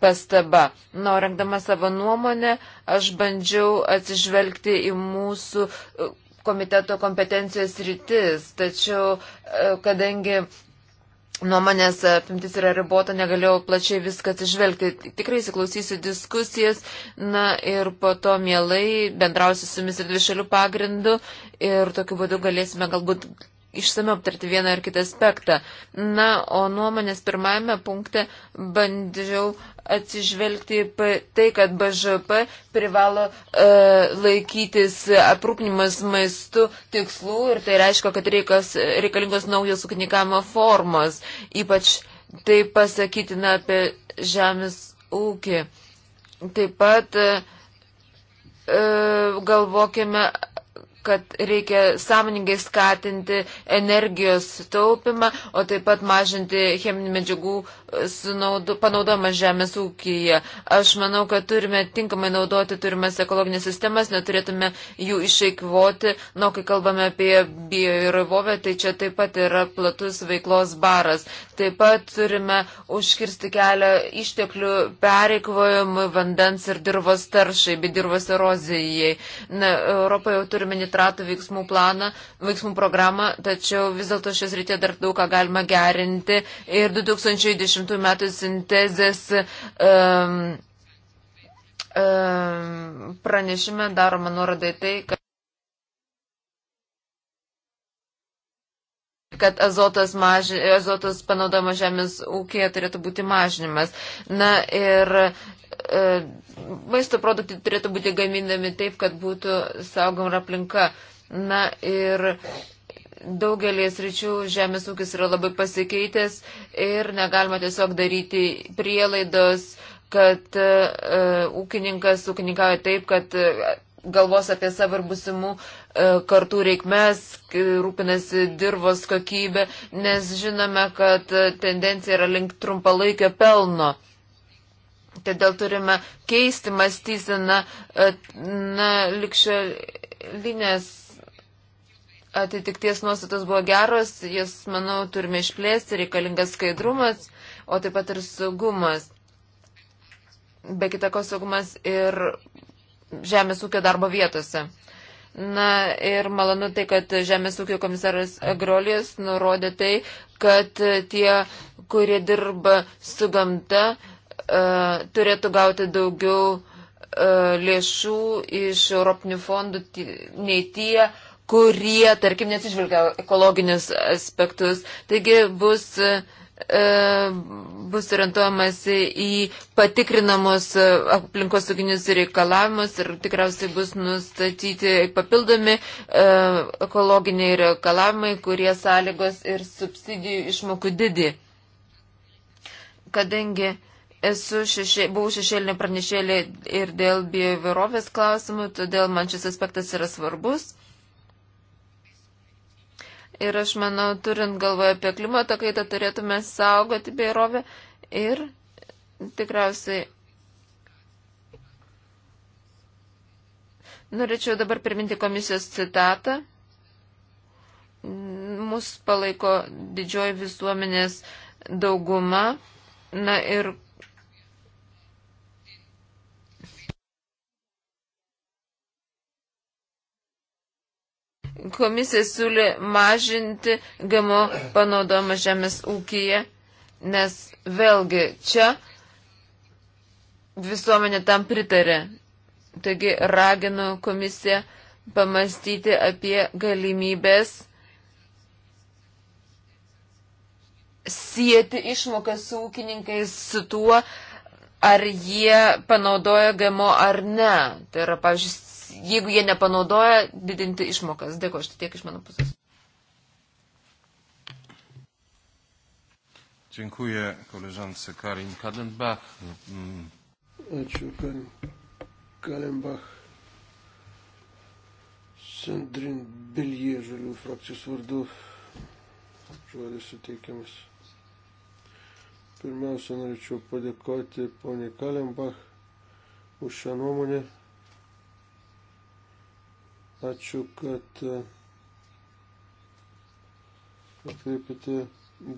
Pastaba. Na, rengdama savo nuomonę, aš bandžiau atsižvelgti į mūsų komiteto kompetencijos rytis, tačiau e, kadangi nuomonės apimtis yra ribota, negalėjau plačiai viską atsižvelgti. Tikrai įsiklausysiu diskusijas, na ir po to mielai bendrausiu su jumis ir dvišalių pagrindu ir tokiu būdu galėsime galbūt išsame aptarti vieną ar kitą aspektą. Na, o nuomonės pirmajame punkte bandžiau atsižvelgti tai, kad BŽP privalo e, laikytis aprūpinimas maistu tikslų ir tai reiškia, kad reikas, reikalingos naujos ūkininkavimo formos, ypač tai pasakytina apie žemės ūkį. Taip pat e, e galvokime kad reikia sąmoningai skatinti energijos taupimą, o taip pat mažinti cheminių medžiagų e, panaudojimą žemės ūkyje. Aš manau, kad turime tinkamai naudoti turimas ekologinės sistemas, neturėtume jų išeikvoti. Na, nu, kai kalbame apie bioįrovę, tai čia taip pat yra platus veiklos baras. Taip pat turime užkirsti kelią išteklių pereikvojimui vandens ir dirbos taršai bei dirbos erozijai. Na, Europoje jau turime net nitratų veiksmų planą, veiksmų programą, tačiau vis dėlto šios rytė dar daug ką galima gerinti ir 2010 metų sintezės um, um, pranešime daroma nuorodai tai, kad azotas, maži, azotas panaudojama žemės ūkėje turėtų būti mažinimas. Na ir e, maisto produktai turėtų būti gaminami taip, kad būtų saugoma aplinka. Na ir daugelės ryčių žemės ūkis yra labai pasikeitęs ir negalima tiesiog daryti prielaidos, kad e, ūkininkas ūkininkauja taip, kad e, galvos apie savo ir busimų e, kartų reikmes, rūpinasi dirbos kokybė, nes žinome, kad e, tendencija yra link trumpalaikio pelno. Todėl turime keisti mąstyseną e, likščiolinės atitikties nuostatos buvo geros, jas, manau, turime išplėsti, reikalingas skaidrumas, o taip pat ir saugumas. Be kitako saugumas ir žemės ūkio darbo vietose. Na ir malonu tai, kad Žemės ūkio komisaras Agrolijas nurodė tai, kad tie, kurie dirba su gamta, e, turėtų gauti daugiau e, lėšų iš Europinių fondų nei tie, kurie, tarkim, nesižvelgia ekologinius aspektus. Taigi bus uh, E, bus orientuojamas į patikrinamus e, aplinkosauginius reikalavimus ir tikriausiai bus nustatyti papildomi e, ekologiniai reikalavimai, kurie sąlygos ir subsidijų išmokų didį. Kadangi esu šešė, buvau šešėlinė pranešėlė ir dėl biovirovės klausimų, todėl man šis aspektas yra svarbus. Ir aš manau, turint galvoje apie klimato kaitą, turėtume saugoti beirovę ir tikriausiai. Norėčiau dabar priminti komisijos citatą. Mūsų palaiko didžioji visuomenės dauguma. Na ir Komisija siūlė mažinti GMO panaudojimą žemės ūkyje, nes vėlgi čia visuomenė tam pritarė. Taigi raginu komisiją pamastyti apie galimybės sieti išmokas su ūkininkais su tuo, ar jie panaudoja GMO ar ne. Tai yra, pavyzdžiui, jeigu jie nepanaudoja, didinti išmokas. Dėkuoju, štai tiek iš mano pusės. Dziękuję koleżance Karin Kadenbach. Mm. Ačiū, Karin Kadenbach. Sandrin Belie, žalių frakcijos vardu. Žodis suteikiamas. Pirmiausia, norėčiau padėkoti poniai Kalenbach už šią nuomonę. Ačiū, kad e, atkreipėte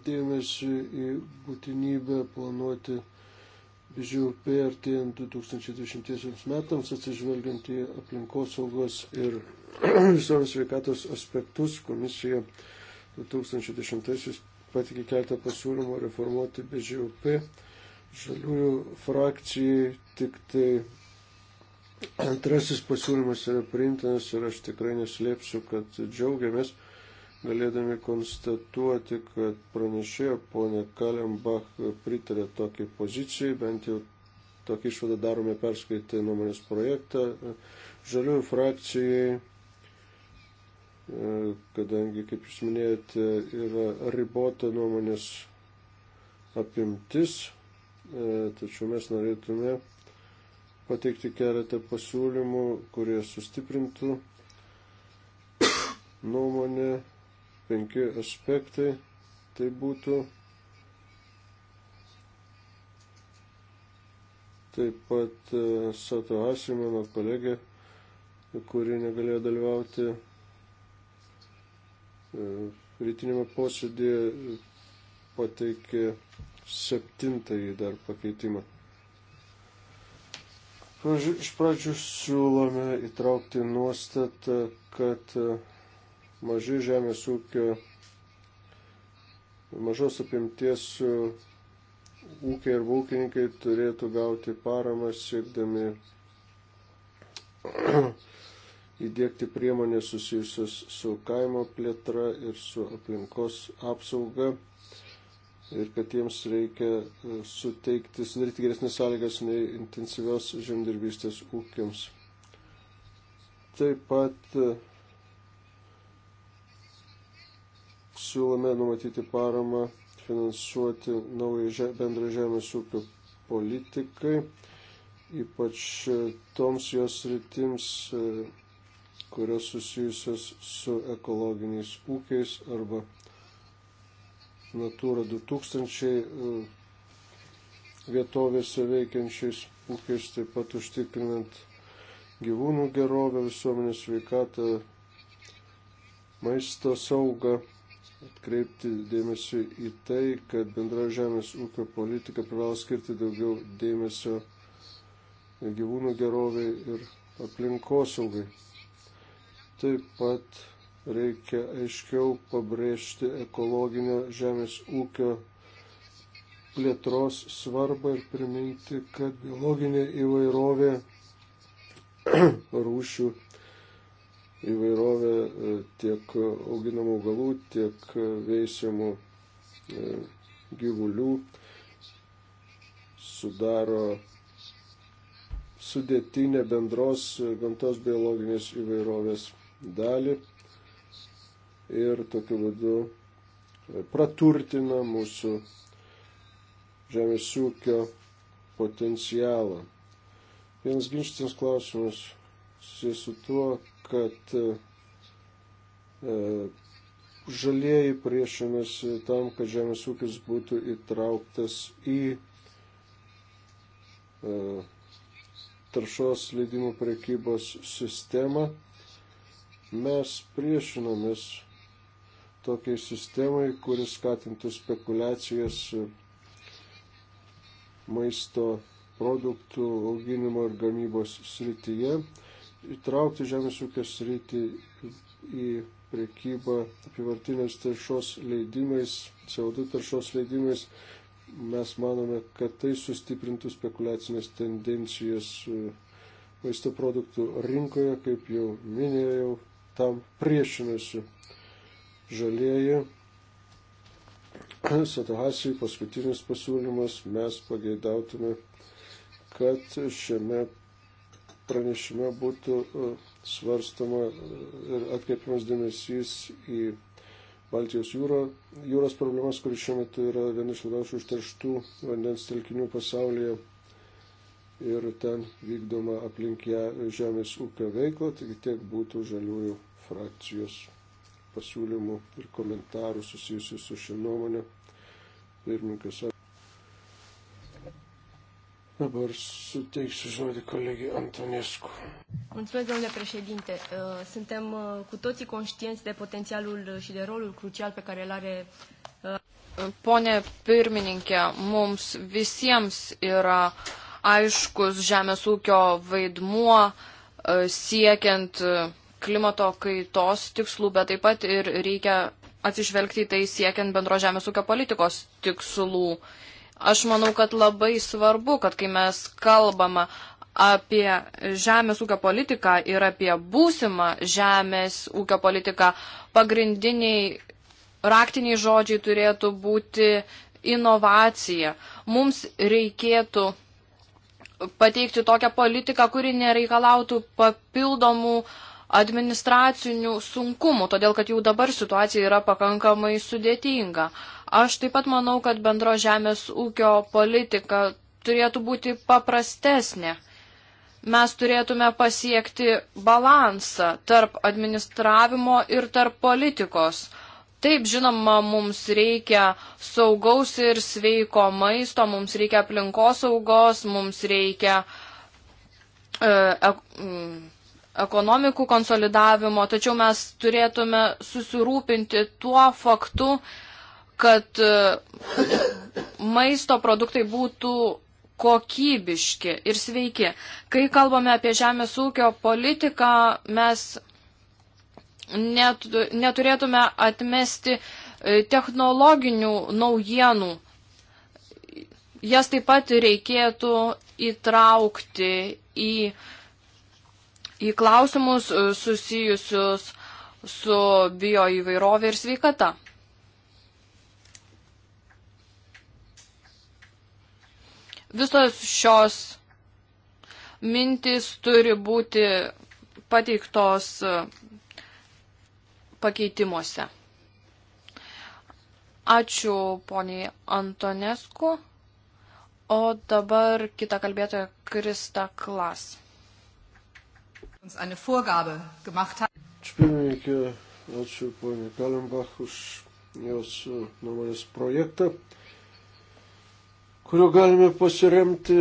dėmesį į būtinybę planuoti BŽUP artėjant 2020 metams, atsižvelgiant į aplinkosaugos ir visuomis sveikatos aspektus. Komisija 2010 patikė keletą pasiūlymų reformuoti BŽUP. Žaliųjų frakcijai tik tai Antrasis pasiūlymas yra priimtinas ir aš tikrai neslėpsiu, kad džiaugiamės galėdami konstatuoti, kad pranešėjo ponė Kalembach pritarė tokiai pozicijai, bent jau tokį išvadą darome perskaitę nuomonės projektą žaliųjų frakcijai, kadangi, kaip jūs minėjote, yra ribota nuomonės apimtis, tačiau mes norėtume pateikti keletą pasiūlymų, kurie sustiprintų nuomonę, penki aspektai tai būtų. Taip pat e, Sato Asi, mano kolegė, kuri negalėjo dalyvauti e, rytinėme posėdėje, pateikė septintąjį dar pakeitimą. Iš pradžių siūlome įtraukti nuostatą, kad e, maži žemės ūkio, mažos apimties e, ūkiai ir ūkininkai turėtų gauti paramą siekdami įdėkti priemonės susijusios su kaimo plėtra ir su aplinkos apsauga ir kad jiems reikia e, suteikti, sudaryti geresnės sąlygas nei intensyvios žemdirbystės ūkiams. Taip pat e, siūlome numatyti paramą finansuoti naują bendrą žemės ūkio politikai, ypač e, toms jos rytims, kurios susijusios su ekologiniais ūkiais arba Natūra 2000 e, vietovėse veikiančiais ūkiais, taip pat užtikrinant gyvūnų gerovę, visuomenės sveikatą, maisto saugą, atkreipti dėmesį į tai, kad bendra žemės ūkio politika privalo skirti daugiau dėmesio gyvūnų geroviai ir aplinkosaugai. Taip pat reikia aiškiau pabrėžti ekologinio žemės ūkio plėtros svarbą ir priminti, kad biologinė įvairovė rūšių įvairovė e, tiek auginamų augalų, tiek veisiamų e, gyvulių sudaro sudėtinę bendros gamtos biologinės įvairovės dalį ir tokiu būdu e, praturtina mūsų žemės ūkio potencialą. Vienas ginčytinas klausimas susijęs su tuo, kad e, e, žalieji priešinasi tam, kad žemės ūkis būtų įtrauktas į e, taršos leidimų prekybos sistemą. Mes priešinamės tokiai sistemai, kuris skatintų spekulacijas maisto produktų auginimo ir gamybos srityje, įtraukti žemės ūkio sritį į priekybą apivartinės taršos leidimais, CO2 taršos leidimais, mes manome, kad tai sustiprintų spekulacinės tendencijas e, maisto produktų rinkoje, kaip jau minėjau, tam priešinasi žalieji. Satahasijai paskutinis pasiūlymas mes pageidautume, kad šiame pranešime būtų uh, svarstama uh, ir atkreipiamas dėmesys į Baltijos jūro, jūros problemas, kuris šiuo metu yra viena iš labiausiai užterštų vandens telkinių pasaulyje ir ten vykdoma aplink ją žemės ūkio veikla, taigi tiek būtų žaliųjų frakcijos pasiūlymų ir komentarų susijusių su šią nuomonę. Pirmininkas. Dabar suteiksiu žodį kolegijai Antonescu. Mulțumesc, domnule președinte. Uh, suntem uh, cu toții conștienți de potențialul și de rolul crucial pe care îl are. Uh, Pone pirmininkė, mums visiems yra aiškus žemės ūkio vaidmuo siekiant klimato kaitos tikslų, bet taip pat ir reikia atsižvelgti į tai siekiant bendro žemės ūkio politikos tikslų. Aš manau, kad labai svarbu, kad kai mes kalbama apie žemės ūkio politiką ir apie būsimą žemės ūkio politiką, pagrindiniai raktiniai žodžiai turėtų būti inovacija. Mums reikėtų pateikti tokią politiką, kuri nereikalautų papildomų uh, administracinių sunkumų, todėl kad jau dabar situacija yra pakankamai sudėtinga. Aš taip pat manau, kad bendro žemės ūkio politika turėtų būti paprastesnė. Mes turėtume pasiekti balansą tarp administravimo ir tarp politikos. Taip, žinoma, mums reikia saugaus ir sveiko maisto, mums reikia aplinkosaugos, mums reikia e, e, ekonomikų konsolidavimo, tačiau mes turėtume susirūpinti tuo faktu, kad e, maisto produktai būtų kokybiški ir sveiki. Kai kalbame apie žemės ūkio politiką, mes neturėtume atmesti e, technologinių naujienų. Jas taip pat reikėtų įtraukti į uh, į klausimus e, susijusius su bio įvairovė ir sveikata. Visos šios mintys turi būti pateiktos e, pakeitimuose. Ačiū poniai Antonesku. O dabar kita kalbėtoja Krista Klas. Aš pirmininkė, ačiū ponė Kalimbach už jos e, nuomonės projektą, kuriuo galime pasiremti.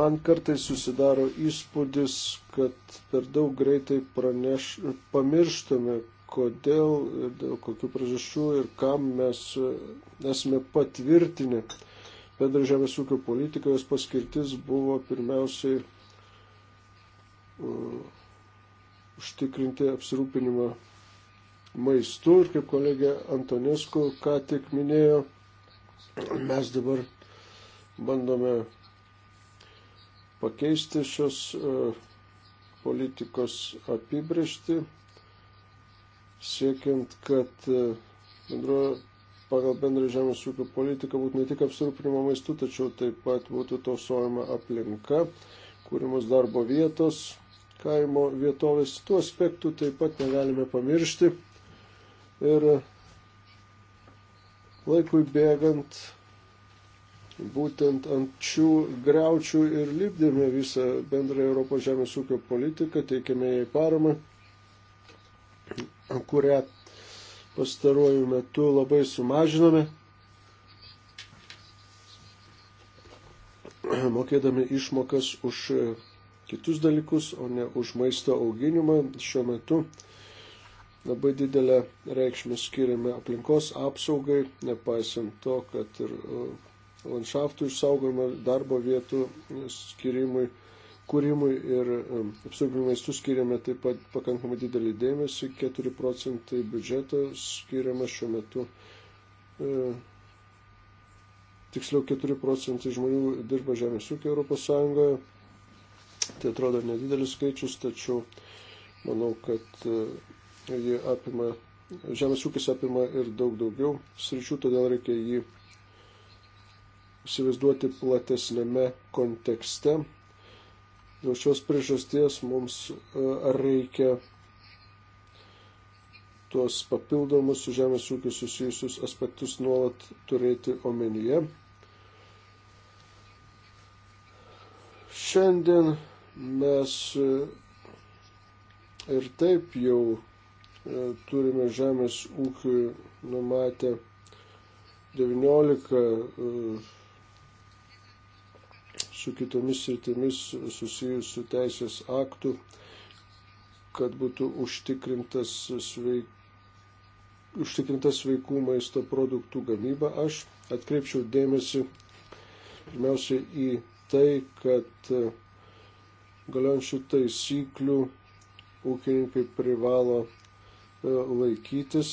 Man kartais susidaro įspūdis, kad per daug greitai praneš, pamirštame, kodėl ir dėl kokių priežasčių ir kam mes e, esame patvirtinę. Bendra žemės ūkio politikos paskirtis buvo pirmiausiai Uh, užtikrinti apsirūpinimą maistu ir kaip kolegė Antonesku ką tik minėjo, mes dabar bandome pakeisti šios uh, politikos apibriešti, siekiant, kad uh, bendro, pagal bendrą žemės ūkio politiką būtų ne tik apsirūpinimo maistu, tačiau taip pat būtų tausojama aplinka, kūrimos darbo vietos, kaimo vietovės. Tų aspektų taip pat negalime pamiršti. Ir laikui bėgant, būtent ant šių greučių ir lipdėme visą bendrą Europos žemės ūkio politiką, teikėme jai paramą, kurią pastaruoju metu labai sumažinome. mokėdami išmokas už kitus dalykus, o ne už maisto auginimą. Šiuo metu labai didelę reikšmę skiriame aplinkos apsaugai, nepaisant to, kad ir e, landšaftų išsaugojimą, darbo vietų skirimui, kūrimui ir e, apsaugimu maistu skiriame taip pat pakankamai didelį dėmesį. 4 procentai biudžeto skiriama šiuo metu. E, tiksliau 4 procentai žmonių dirba žemės ūkio Europos Sąjungoje. Tai atrodo nedidelis skaičius, tačiau manau, kad e, jį apima, žemės ūkis apima ir daug daugiau sričių, todėl reikia jį įsivaizduoti platesnėme kontekste. Dėl šios priežasties mums e, reikia tuos papildomus su žemės ūkiu susijusius aspektus nuolat turėti omenyje. Šiandien Mes e, ir taip jau e, turime žemės ūkių numatę 19 e, su kitomis sritimis susijusių teisės aktų, kad būtų užtikrintas, sveik, užtikrintas sveikų maisto produktų gamyba. Aš atkreipčiau dėmesį pirmiausiai į tai, kad galiojančių taisyklių ūkininkai privalo e, laikytis.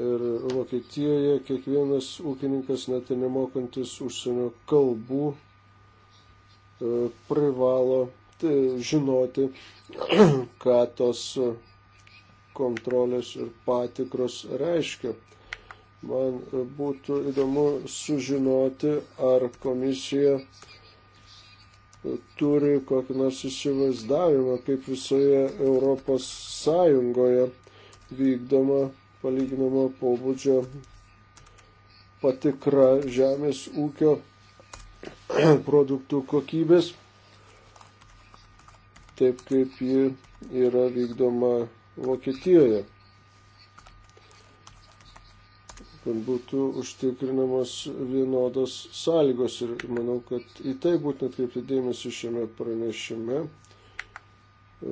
Ir Vokietijoje kiekvienas ūkininkas, net ir nemokantis užsienio kalbų, e, privalo e, žinoti, ką tos kontrolės ir patikros reiškia. Man būtų įdomu sužinoti, ar komisija turi kokį nors įsivaizdavimą, kaip visoje Europos Sąjungoje vykdoma palyginamo pobūdžio patikra žemės ūkio produktų kokybės, taip kaip ji yra vykdoma Vokietijoje. kad būtų užtikrinamos vienodos sąlygos. Ir manau, kad į tai būtent atkreipti dėmesį šiame pranešime.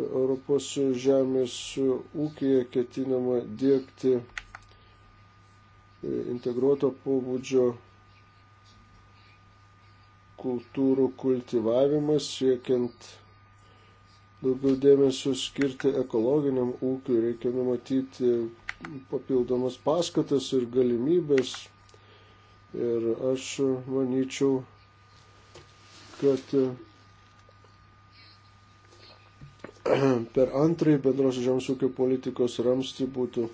Europos žemės ūkija ketinama dėkti e, integruoto pobūdžio kultūrų kultivavimas, siekiant daugiau dėmesio skirti ekologiniam ūkiui, reikia numatyti papildomas paskatas ir galimybės. Ir aš manyčiau, kad per antrąjį bendros žemės ūkio politikos ramstį būtų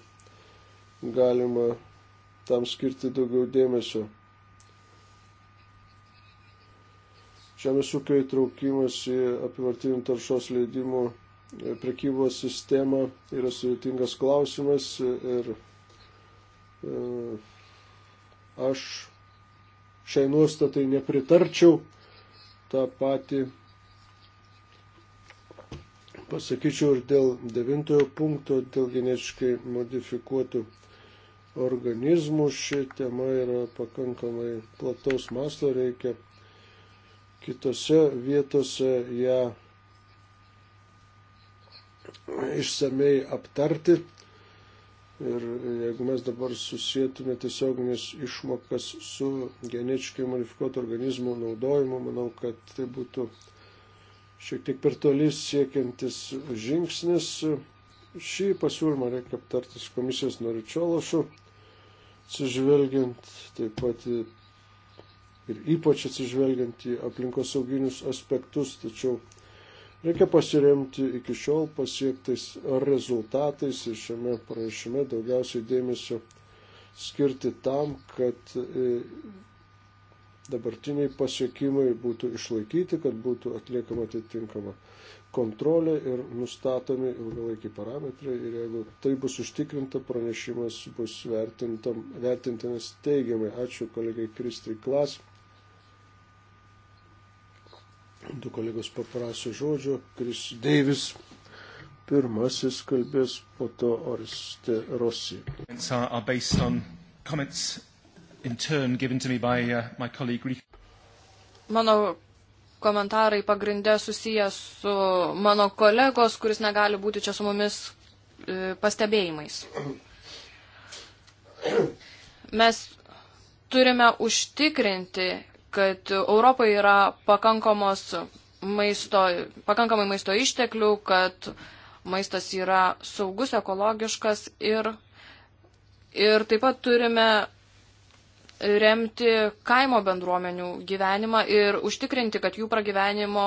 galima tam skirti daugiau dėmesio. Žemės ūkio įtraukimas į apivartinių taršos leidimų prekybos sistemą yra sudėtingas klausimas ir e, aš šiai nuostatai nepritarčiau tą patį. Pasakyčiau ir dėl devintojo punkto, dėl genetiškai modifikuotų organizmų ši tema yra pakankamai plataus masto, reikia kitose vietose ją išsamei aptarti. Ir jeigu mes dabar susijėtume tiesioginės išmokas su genetiškai modifikuotų organizmų naudojimu, manau, kad tai būtų šiek tiek per tolis siekiantis žingsnis. Šį pasiūlymą reikia aptarti su komisijos noričiološu, atsižvelgiant taip pat ir ypač atsižvelgiant į aplinkosauginius aspektus, tačiau Reikia pasiremti iki šiol pasiektais rezultatais ir šiame pranešime daugiausiai dėmesio skirti tam, kad e, dabartiniai pasiekimai būtų išlaikyti, kad būtų atliekama atitinkama kontrolė ir nustatomi ilgalaikiai parametrai ir jeigu tai bus užtikrinta, pranešimas bus vertintinas teigiamai. Ačiū kolegai Kristai Klas Du kolegos paprašė žodžio. Kris Deivis pirmasis kalbės, po to Oriste Rossi. Uh, mano komentarai pagrindė susijęs su mano kolegos, kuris negali būti čia su mumis e, pastebėjimais. Mes turime užtikrinti, kad Europoje yra pakankamos maisto, pakankamai maisto išteklių, kad maistas yra saugus, ekologiškas ir, ir taip pat turime remti kaimo bendruomenių gyvenimą ir užtikrinti, kad jų pragyvenimo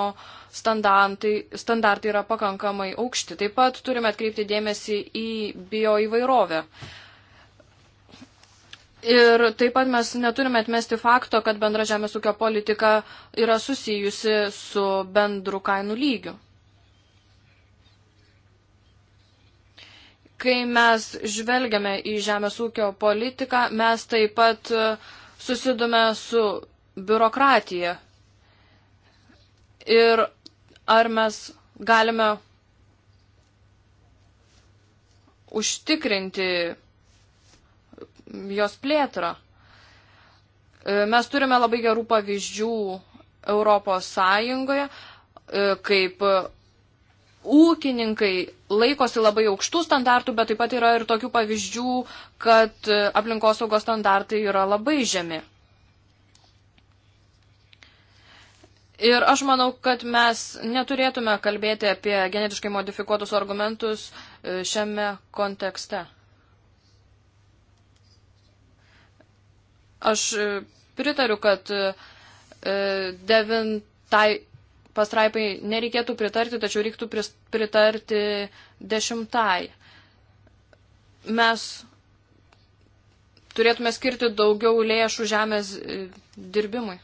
standartai, standartai yra pakankamai aukšti. Taip pat turime atkreipti dėmesį į bioįvairovę. įvairovę Ir taip pat mes neturime atmesti fakto, kad bendra žemės ūkio politika yra susijusi su bendru kainų lygiu. Kai mes žvelgiame į žemės ūkio politiką, mes taip pat susidume su biurokratija. Ir ar mes galime užtikrinti jos plėtrą. E, mes turime labai gerų pavyzdžių Europos Sąjungoje, e, kaip ūkininkai laikosi labai aukštų standartų, bet taip pat yra ir tokių pavyzdžių, kad e, aplinkosaugos standartai yra labai žemi. Ir aš manau, kad mes neturėtume kalbėti apie genetiškai modifikuotus argumentus šiame kontekste. Aš e, pritariu, kad e, e, devintai pastraipai nereikėtų pritarti, tačiau reiktų pritarti dešimtai. Mes turėtume skirti daugiau lėšų žemės dirbimui.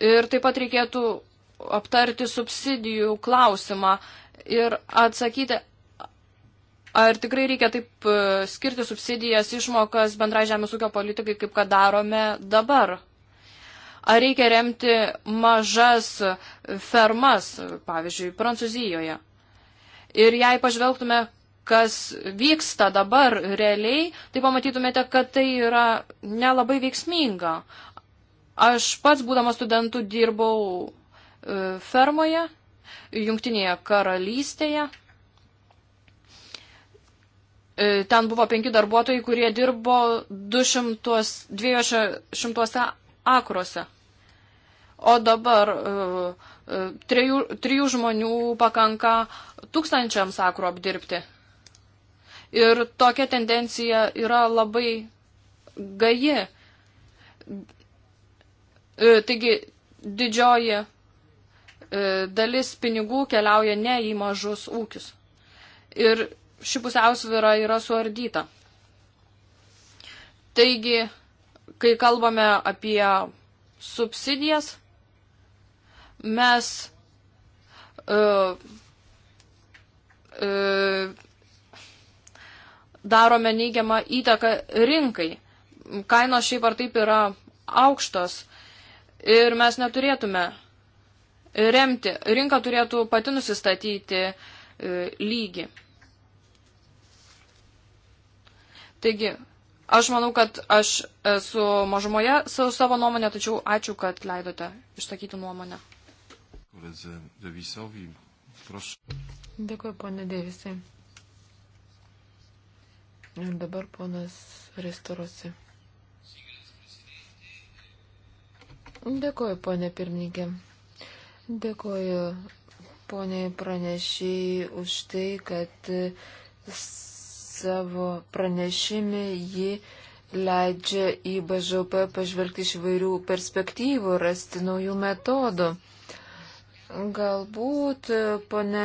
Ir taip pat reikėtų aptarti subsidijų klausimą ir atsakyti, Ar tikrai reikia taip e, skirti subsidijas, išmokas bendrai žemės ūkio politikai, kaip kad darome dabar? Ar reikia remti mažas fermas, pavyzdžiui, Prancūzijoje? Ir jei pažvelgtume, kas vyksta dabar realiai, tai pamatytumėte, kad tai yra nelabai veiksminga. Aš pats, būdamas studentų, dirbau e, fermoje, jungtinėje karalystėje E, ten buvo penki darbuotojai, kurie dirbo 200, 200 akruose. O dabar e, e, trijų, trijų žmonių pakanka tūkstančiams akrų apdirbti. Ir tokia tendencija yra labai gaji. Taigi didžioji dalis pinigų keliauja ne į mažus ūkius. Ir ši pusiausvyra yra suardyta. Taigi, kai kalbame apie subsidijas, mes uh, uh, darome neigiamą įtaką rinkai. Kainos šiaip ar taip yra aukštos ir mes neturėtume remti. Rinka turėtų pati nusistatyti uh, lygį. Taigi, aš manau, kad aš esu mažumoje su savo nuomonė, tačiau ačiū, kad leidote išsakyti nuomonę. Dėkuoju, ponė Dėvisai. Ir dabar ponas Restorosi. Dėkuoju, ponė pirmininkė. Dėkuoju, ponė pranešiai, už tai, kad savo pranešime ji leidžia į BŽP pažvelgti iš vairių perspektyvų, rasti naujų metodų. Galbūt e, pane,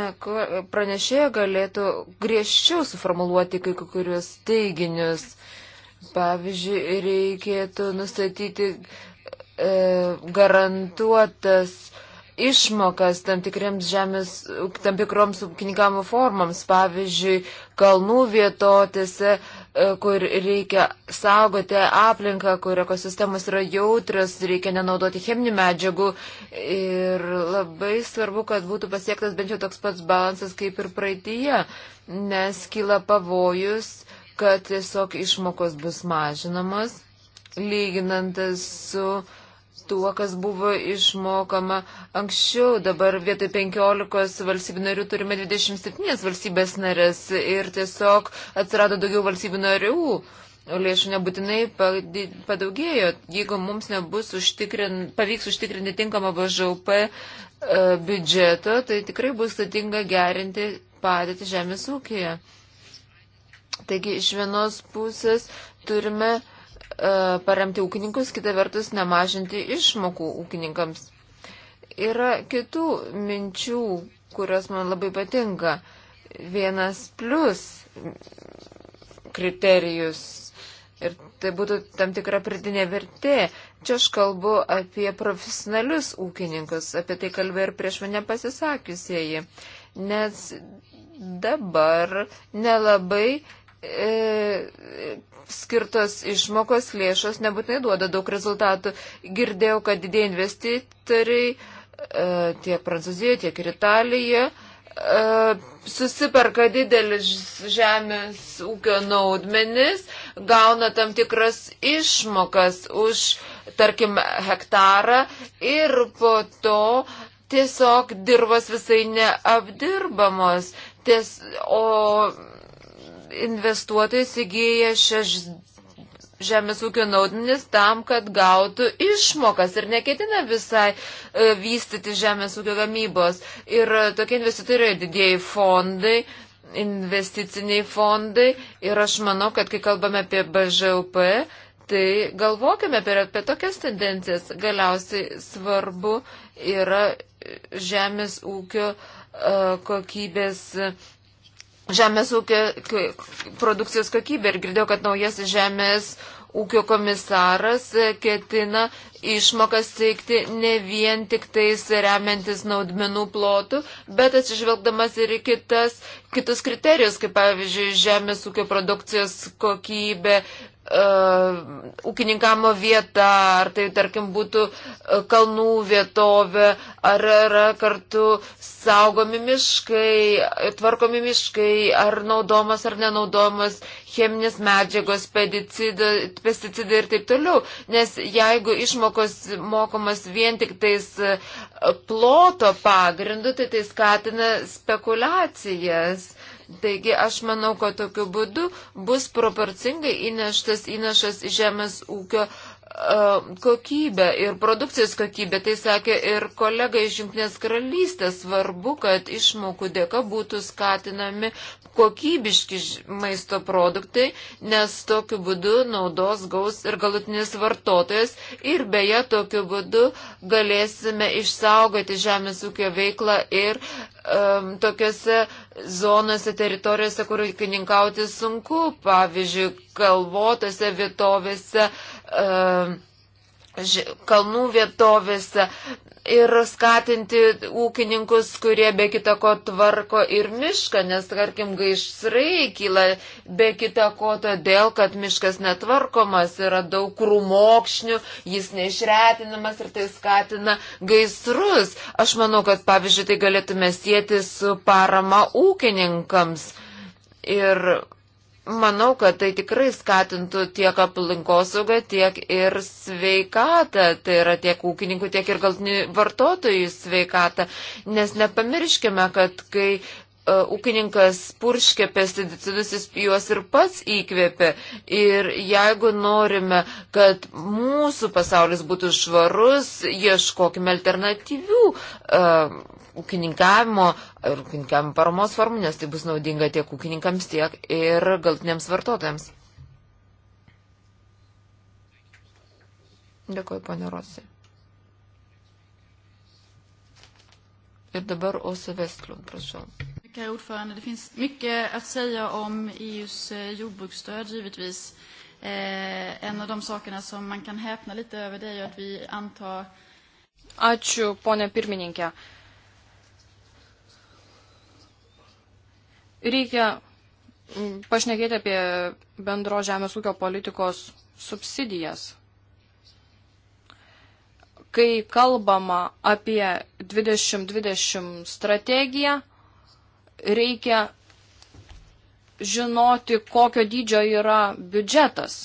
pranešėja galėtų griežčiau suformuluoti kai kurios teiginius. Pavyzdžiui, reikėtų nustatyti e, garantuotas e, išmokas tam tikriems žemės, tam tikroms ūkininkavimo formams, pavyzdžiui, kalnų vietotėse, e, kur reikia saugoti aplinką, kur ekosistemos yra jautrios, reikia nenaudoti cheminių medžiagų ir labai svarbu, kad būtų pasiektas bent jau toks pats balansas kaip ir praeitie, nes kyla pavojus, kad tiesiog išmokos bus mažinamas, lyginantas su uh, tuo, kas buvo išmokama anksčiau. Dabar vietoj 15 valstybių narių turime 27 valstybės narės ir tiesiog atsirado daugiau valstybių narių. O lėšų nebūtinai padaugėjo. Jeigu mums nebus užtikrin, pavyks užtikrinti tinkamą BŽUP e, biudžeto, tai tikrai bus sudinga gerinti padėti žemės ūkėje. Taigi iš vienos pusės turime uh, E, paremti ūkininkus, kita vertus nemažinti išmokų ūkininkams. Yra kitų minčių, kurios man labai patinka. Vienas plus kriterijus. Ir tai būtų tam tikra pridinė vertė. Čia aš kalbu apie profesionalius ūkininkus, apie tai kalbė ir prieš mane pasisakiusieji. Nes dabar nelabai e, skirtos išmokos lėšos nebūtinai duoda daug rezultatų. Girdėjau, kad didėjai investitoriai e, tiek Prancūzijoje, tiek ir Italijoje e, susiperka didelis žemės ūkio naudmenis, gauna tam tikras išmokas už, tarkim, hektarą ir po to tiesiog dirbas visai neapdirbamos. Ties, o investuotojai įsigyja šias žemės ūkio naudmenis tam, kad gautų išmokas ir neketina visai e, vystyti žemės ūkio gamybos. Ir e, tokie investitoriai didėjai fondai, investiciniai fondai. Ir aš manau, kad kai kalbame apie BŽUP, tai galvokime apie, apie tokias tendencijas. Galiausiai svarbu yra žemės ūkio e, kokybės uh, žemės ūkio produkcijos kokybę ir girdėjau, kad naujas žemės ūkio komisaras ketina išmokas teikti ne vien tik tais remiantis naudmenų plotų, bet atsižvelgdamas ir į kitas, kitus kriterijus, kaip pavyzdžiui, žemės ūkio produkcijos kokybė, uh, e, ūkininkamo vieta, ar tai tarkim būtų e, kalnų vietovė, ar yra kartu saugomi miškai, tvarkomi miškai, ar naudomas ar nenaudomas cheminės medžiagos, pesticidai ir taip toliau. Nes jeigu išmokos mokomas vien tik tais e, ploto pagrindu, tai tai skatina spekulacijas. Taigi aš manau, kad tokiu būdu bus proporcingai įneštas įnašas žemės ūkio uh, E, kokybę ir produkcijos kokybę. Tai sakė ir kolega iš Junktinės karalystės. Svarbu, kad išmokų dėka būtų skatinami kokybiški maisto produktai, nes tokiu būdu naudos gaus ir galutinis vartotojas. Ir beje, tokiu būdu galėsime išsaugoti žemės ūkio veiklą ir um, tokiuose zonose, teritorijose, kur ūkininkauti sunku, pavyzdžiui, kalvotose vietovėse, uh, E, kalnų vietovėse ir skatinti ūkininkus, kurie be kita ko tvarko ir mišką, nes, tarkim, gaisrai kyla be kita ko todėl, kad miškas netvarkomas, yra daug krūmokšnių, jis neišretinamas ir tai skatina gaisrus. Aš manau, kad, pavyzdžiui, tai galėtume sėti su parama ūkininkams. Ir Manau, kad tai tikrai skatintų tiek aplinkosaugą, tiek ir sveikatą, tai yra tiek ūkininkų, tiek ir galtinių vartotojų sveikatą, nes nepamirškime, kad kai E, ūkininkas purškia pesticidus, jis juos ir pats įkvėpia. Ir jeigu norime, kad mūsų pasaulis būtų švarus, ieškokime alternatyvių uh, ūkininkavimo ir ūkininkavimo paramos formų, nes tai bus naudinga tiek ūkininkams, tiek ir galtiniams vartotojams. Dėkuoju, ponė Rosi. Ir dabar Osa Vestlum, prašau. Herr ordförande, det finns mycket att säga om EUs eh, jordbruksstöd givetvis. Eh, en av de sakerna som man kan häpna lite över det är ju att vi antar... Ačiū, ponė pirmininkė. Reikia mm, pašnekėti apie bendro žemės ūkio politikos subsidijas. Kai kalbama apie 2020 strategiją, reikia žinoti, kokio dydžio yra biudžetas.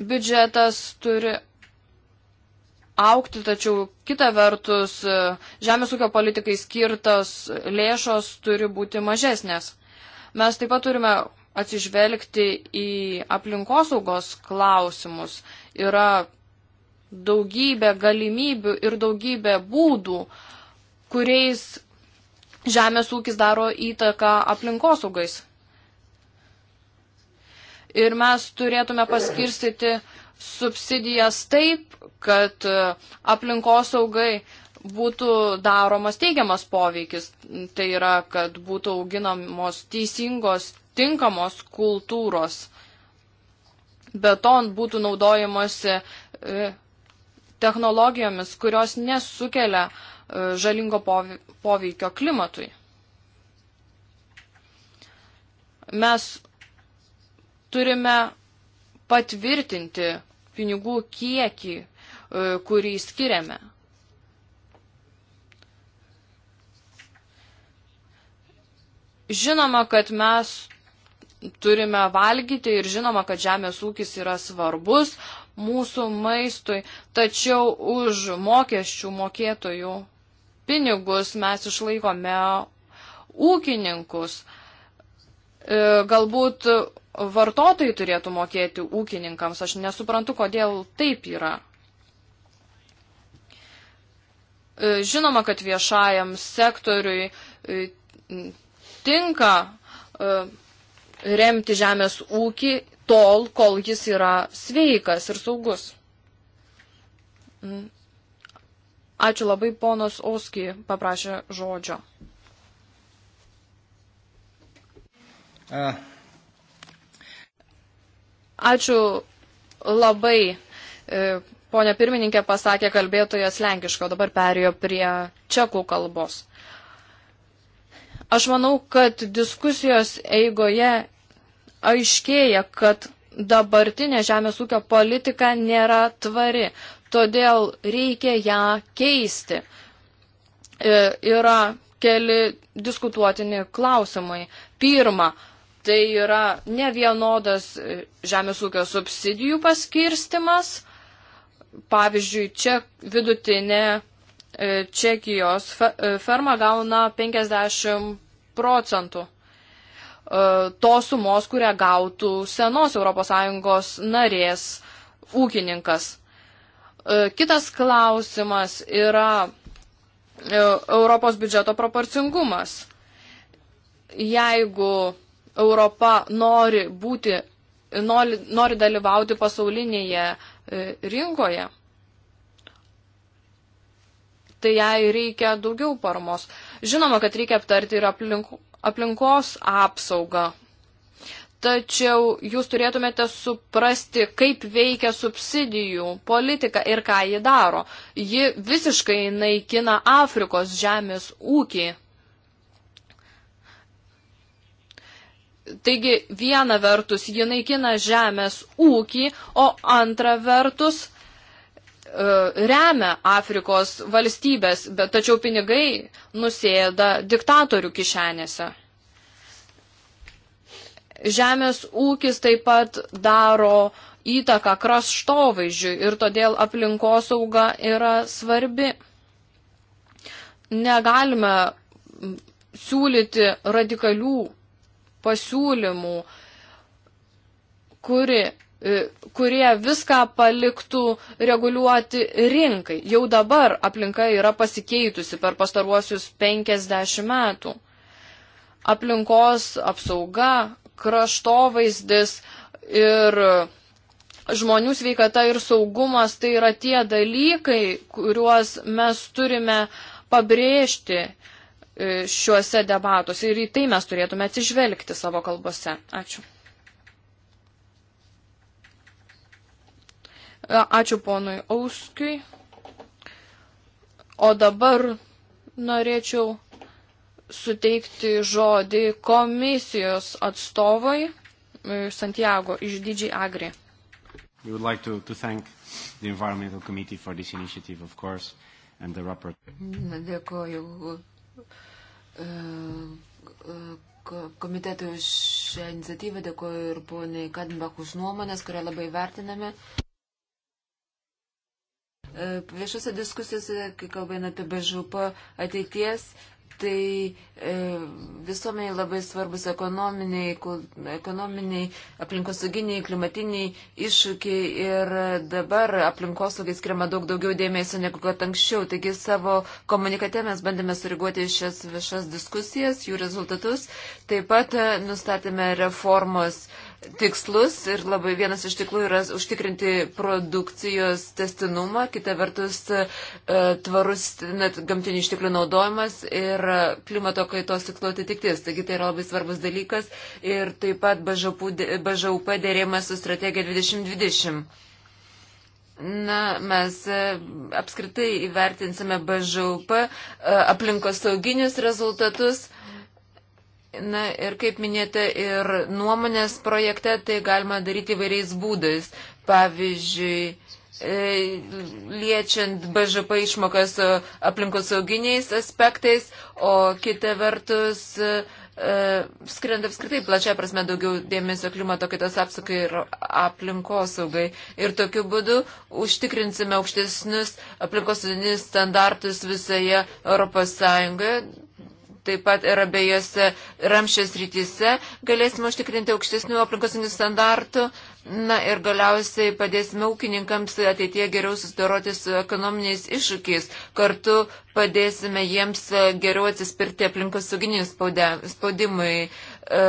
Biudžetas turi aukti, tačiau kita vertus žemės ūkio politikai skirtas lėšos turi būti mažesnės. Mes taip pat turime atsižvelgti į aplinkosaugos klausimus. Yra daugybė galimybių ir daugybė būdų, kuriais žemės ūkis daro įtaką aplinkosaugais. Ir mes turėtume paskirstyti subsidijas taip, kad e, aplinkosaugai būtų daromas teigiamas poveikis. Tai yra, kad būtų auginamos teisingos, tinkamos kultūros. Be to būtų naudojamasi e, technologijomis, kurios nesukelia uh, E, žalingo poveikio klimatui. Mes turime patvirtinti pinigų kiekį, e, kurį skiriame. Žinoma, kad mes turime valgyti ir žinoma, kad žemės ūkis yra svarbus mūsų maistui, tačiau už mokesčių mokėtojų pinigus mes išlaikome ūkininkus. E, galbūt vartotojai turėtų mokėti ūkininkams. Aš nesuprantu, kodėl taip yra. E, žinoma, kad viešajam sektoriui e, tinka remti žemės ūkį tol, kol jis yra sveikas ir saugus. Mm. Ačiū labai, ponas Oski paprašė žodžio. Ačiū labai, e, ponia pirmininkė pasakė kalbėtojas lenkiško, dabar perėjo prie čekų kalbos. Aš manau, kad diskusijos eigoje aiškėja, kad dabartinė žemės ūkio politika nėra tvari todėl reikia ją keisti. E, yra keli diskutuotini klausimai. Pirma, tai yra ne vienodas žemės ūkio subsidijų paskirstimas. Pavyzdžiui, čia vidutinė e, Čekijos e, ferma gauna 50 procentų tos sumos, kurią gautų senos ES narės ūkininkas. E, kitas klausimas yra e, Europos biudžeto proporcingumas. Jeigu Europa nori būti, nori, nori dalyvauti pasaulinėje e, rinkoje, tai jai reikia daugiau paramos. Žinoma, kad reikia aptarti ir aplink, aplinkos apsaugą. Tačiau jūs turėtumėte suprasti, kaip veikia subsidijų politika ir ką ji daro. Ji visiškai naikina Afrikos žemės ūkį. Taigi viena vertus ji naikina žemės ūkį, o antra vertus e, remia Afrikos valstybės, bet tačiau pinigai nusėda diktatorių kišenėse. Žemės ūkis taip pat daro įtaką kraštovaizdžiui ir todėl aplinkosauga yra svarbi. Negalime siūlyti radikalių pasiūlymų, kuri, e, kurie viską paliktų reguliuoti rinkai. Jau dabar aplinka yra pasikeitusi per pastaruosius 50 metų. Aplinkos apsauga, kraštovaizdis ir žmonių sveikata ir saugumas tai yra tie dalykai, kuriuos mes turime pabrėžti e, šiuose debatuose ir į tai mes turėtume atsižvelgti savo kalbose. Ačiū. E, ačiū ponui Auskiui. O dabar norėčiau suteikti žodį komisijos atstovui e, Santiago iš Didžiai Agri. We would like to, to thank the Environmental Committee for this initiative, of course, and the rapport. Dėkoju e, e, komitetui už šią iniciatyvą, dėkoju ir poniai Kadmbach už nuomonės, kurią labai vertiname. Viešose diskusijose, kai kalbame apie BŽP ateities, tai e, visuomeniai labai svarbus ekonominiai, ekonominiai aplinkosauginiai, klimatiniai iššūkiai ir dabar aplinkosaugai skiriama daug daugiau dėmesio negu kad anksčiau. Taigi savo komunikate mes bandėme suriguoti šias viešas diskusijas, jų rezultatus. Taip pat e, nustatėme reformos e, tikslus ir labai vienas iš tikrųjų yra užtikrinti produkcijos testinumą, kita vertus e, tvarus net gamtinių išteklių naudojimas ir klimato kaitos tikslo atitiktis. Taigi tai yra labai svarbus dalykas ir taip pat BŽUP dėrėjimas su strategija 2020. Na, mes e, apskritai įvertinsime BŽUP e, aplinkosauginius rezultatus Na ir kaip minėta, ir nuomonės projekte tai galima daryti įvairiais būdais. Pavyzdžiui, e, liečiant BŽP išmokas e, aplinkosauginiais aspektais, o kita vertus e, skrend apskritai plačia prasme daugiau dėmesio klimato kitos apsakai ir aplinkosaugai. Ir tokiu būdu užtikrinsime aukštesnius aplinkosauginius standartus visoje Europos Sąjungoje, taip pat ir abiejose ramšės rytise galėsime užtikrinti aukštesnių aplinkosinių standartų. Na ir galiausiai padėsime ūkininkams ateitie geriau susidoroti su ekonominiais iššūkiais. Kartu padėsime jiems geriau atsispirti aplinkosauginiai spaudimui. E,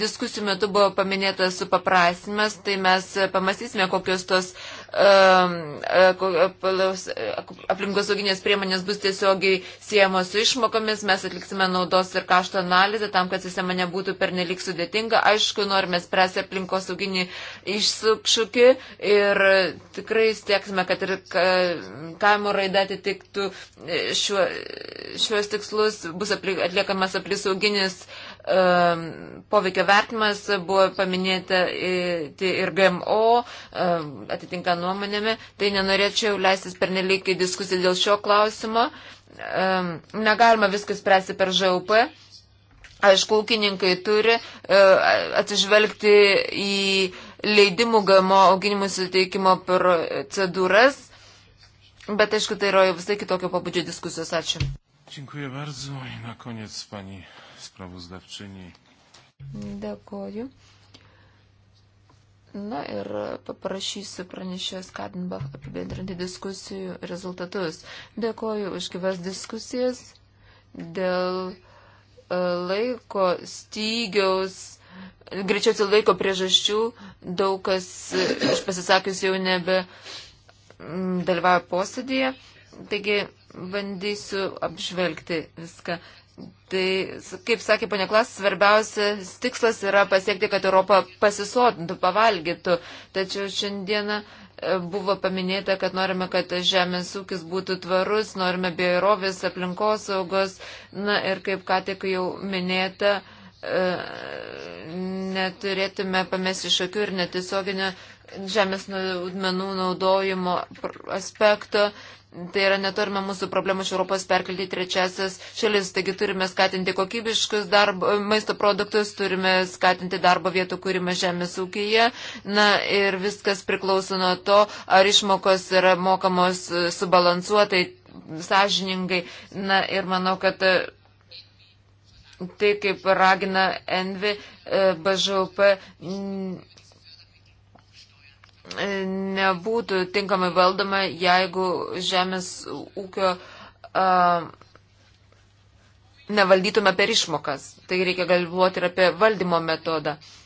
diskusijų metu buvo paminėtas supaprasimas, tai mes pamastysime, kokios tos uh, Ehm, e, e, e, aplinkosauginės priemonės bus tiesiogiai siejamos su išmokomis, mes atliksime naudos ir kašto analizę tam, kad sistema nebūtų pernelik sudėtinga. Aišku, norime spręsti aplinkosauginį iššūkį ir tikrai stieksime, kad ir kaimo raida atitiktų šiuo, šiuos tikslus, bus atliekamas aplinkosauginis Ehm, poveikio vertimas buvo paminėta ir GMO, ehm, atitinka nuomonėme, tai nenorėčiau leistis per nelikį diskusiją dėl šio klausimo. Ehm, negalima viskas spręsti per ŽUP. Aišku, ūkininkai turi atsižvelgti į leidimų GMO auginimų suteikimo procedūras, bet aišku, tai yra visai kitokio pabudžio diskusijos. Ačiū. Dziękuję bardzo i na koniec pani sprawozdawczyni. Dėkoju. Na ir paprašysiu pranešėjos Kadinbach apibendrinti diskusijų rezultatus. Dėkoju už gyvas diskusijas dėl e, laiko stygiaus, greičiausiai laiko priežasčių, daug kas e, iš pasisakius jau nebe dalyvauja posėdėje. Taigi bandysiu apžvelgti viską. Tai, kaip sakė ponia Klas, svarbiausias tikslas yra pasiekti, kad Europa pasisotintų, pavalgytų. Tačiau šiandieną e, buvo paminėta, kad norime, kad žemės ūkis būtų tvarus, norime bioirovės, aplinkosaugos. Na ir kaip ką tik jau minėta, e, neturėtume pamesti iš akių ir netiesioginio žemės naudmenų naudojimo aspekto. Tai yra neturime mūsų problemų iš Europos perkelti į trečiasis šalis, taigi turime skatinti kokybiškus darbo, maisto produktus, turime skatinti darbo vietų kūrimą žemės ūkyje. Na ir viskas priklauso nuo to, ar išmokos yra mokamos e, subalansuotai, sąžiningai. Na ir manau, kad e, tai kaip ragina Envi, e, BŽUP E, nebūtų tinkamai valdoma, jeigu žemės ūkio uh, nevaldytume per išmokas. Tai reikia galvoti ir apie valdymo metodą. Uh,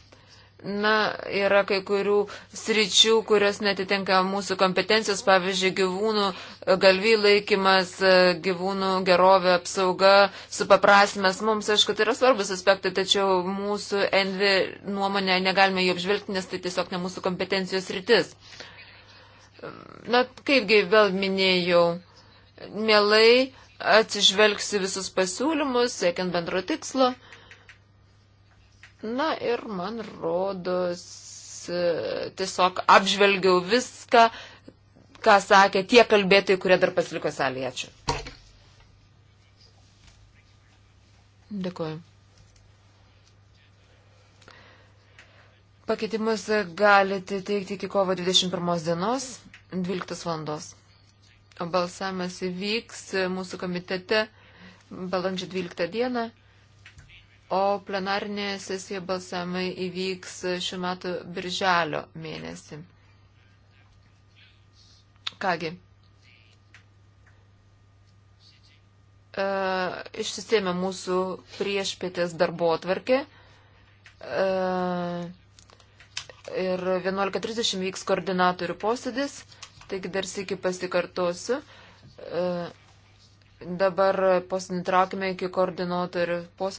Na, yra kai kurių sričių, kurios netitinka mūsų kompetencijos, pavyzdžiui, gyvūnų e, galvy laikymas, e, gyvūnų gerovė, apsauga, supaprasmės. Mums, aišku, tai yra svarbus aspektai, tačiau mūsų envi nuomonė negalime jų apžvelgti, nes tai tiesiog ne mūsų kompetencijos rytis. Na, kaipgi vėl minėjau, mielai atsižvelgsiu visus pasiūlymus, siekiant bendro tikslo. Na ir man rodos, e, tiesiog apžvelgiau viską, ką sakė tie kalbėtojai, kurie dar pasiliko salėje. Ačiū. Dėkuoju. Pakeitimus galite teikti iki kovo 21 dienos, 12 valandos. O balsavimas įvyks mūsų komitete balandžio 12 dieną o plenarinėje sesijoje balsamai įvyks šiuo metu birželio mėnesį. Kągi. E, išsisėmė mūsų priešpėtės darbo atvarkė. E, ir 11.30 vyks koordinatorių posėdis, taigi dar sėki pasikartosiu. E, dabar posėdį traukime iki koordinatorių posėdį.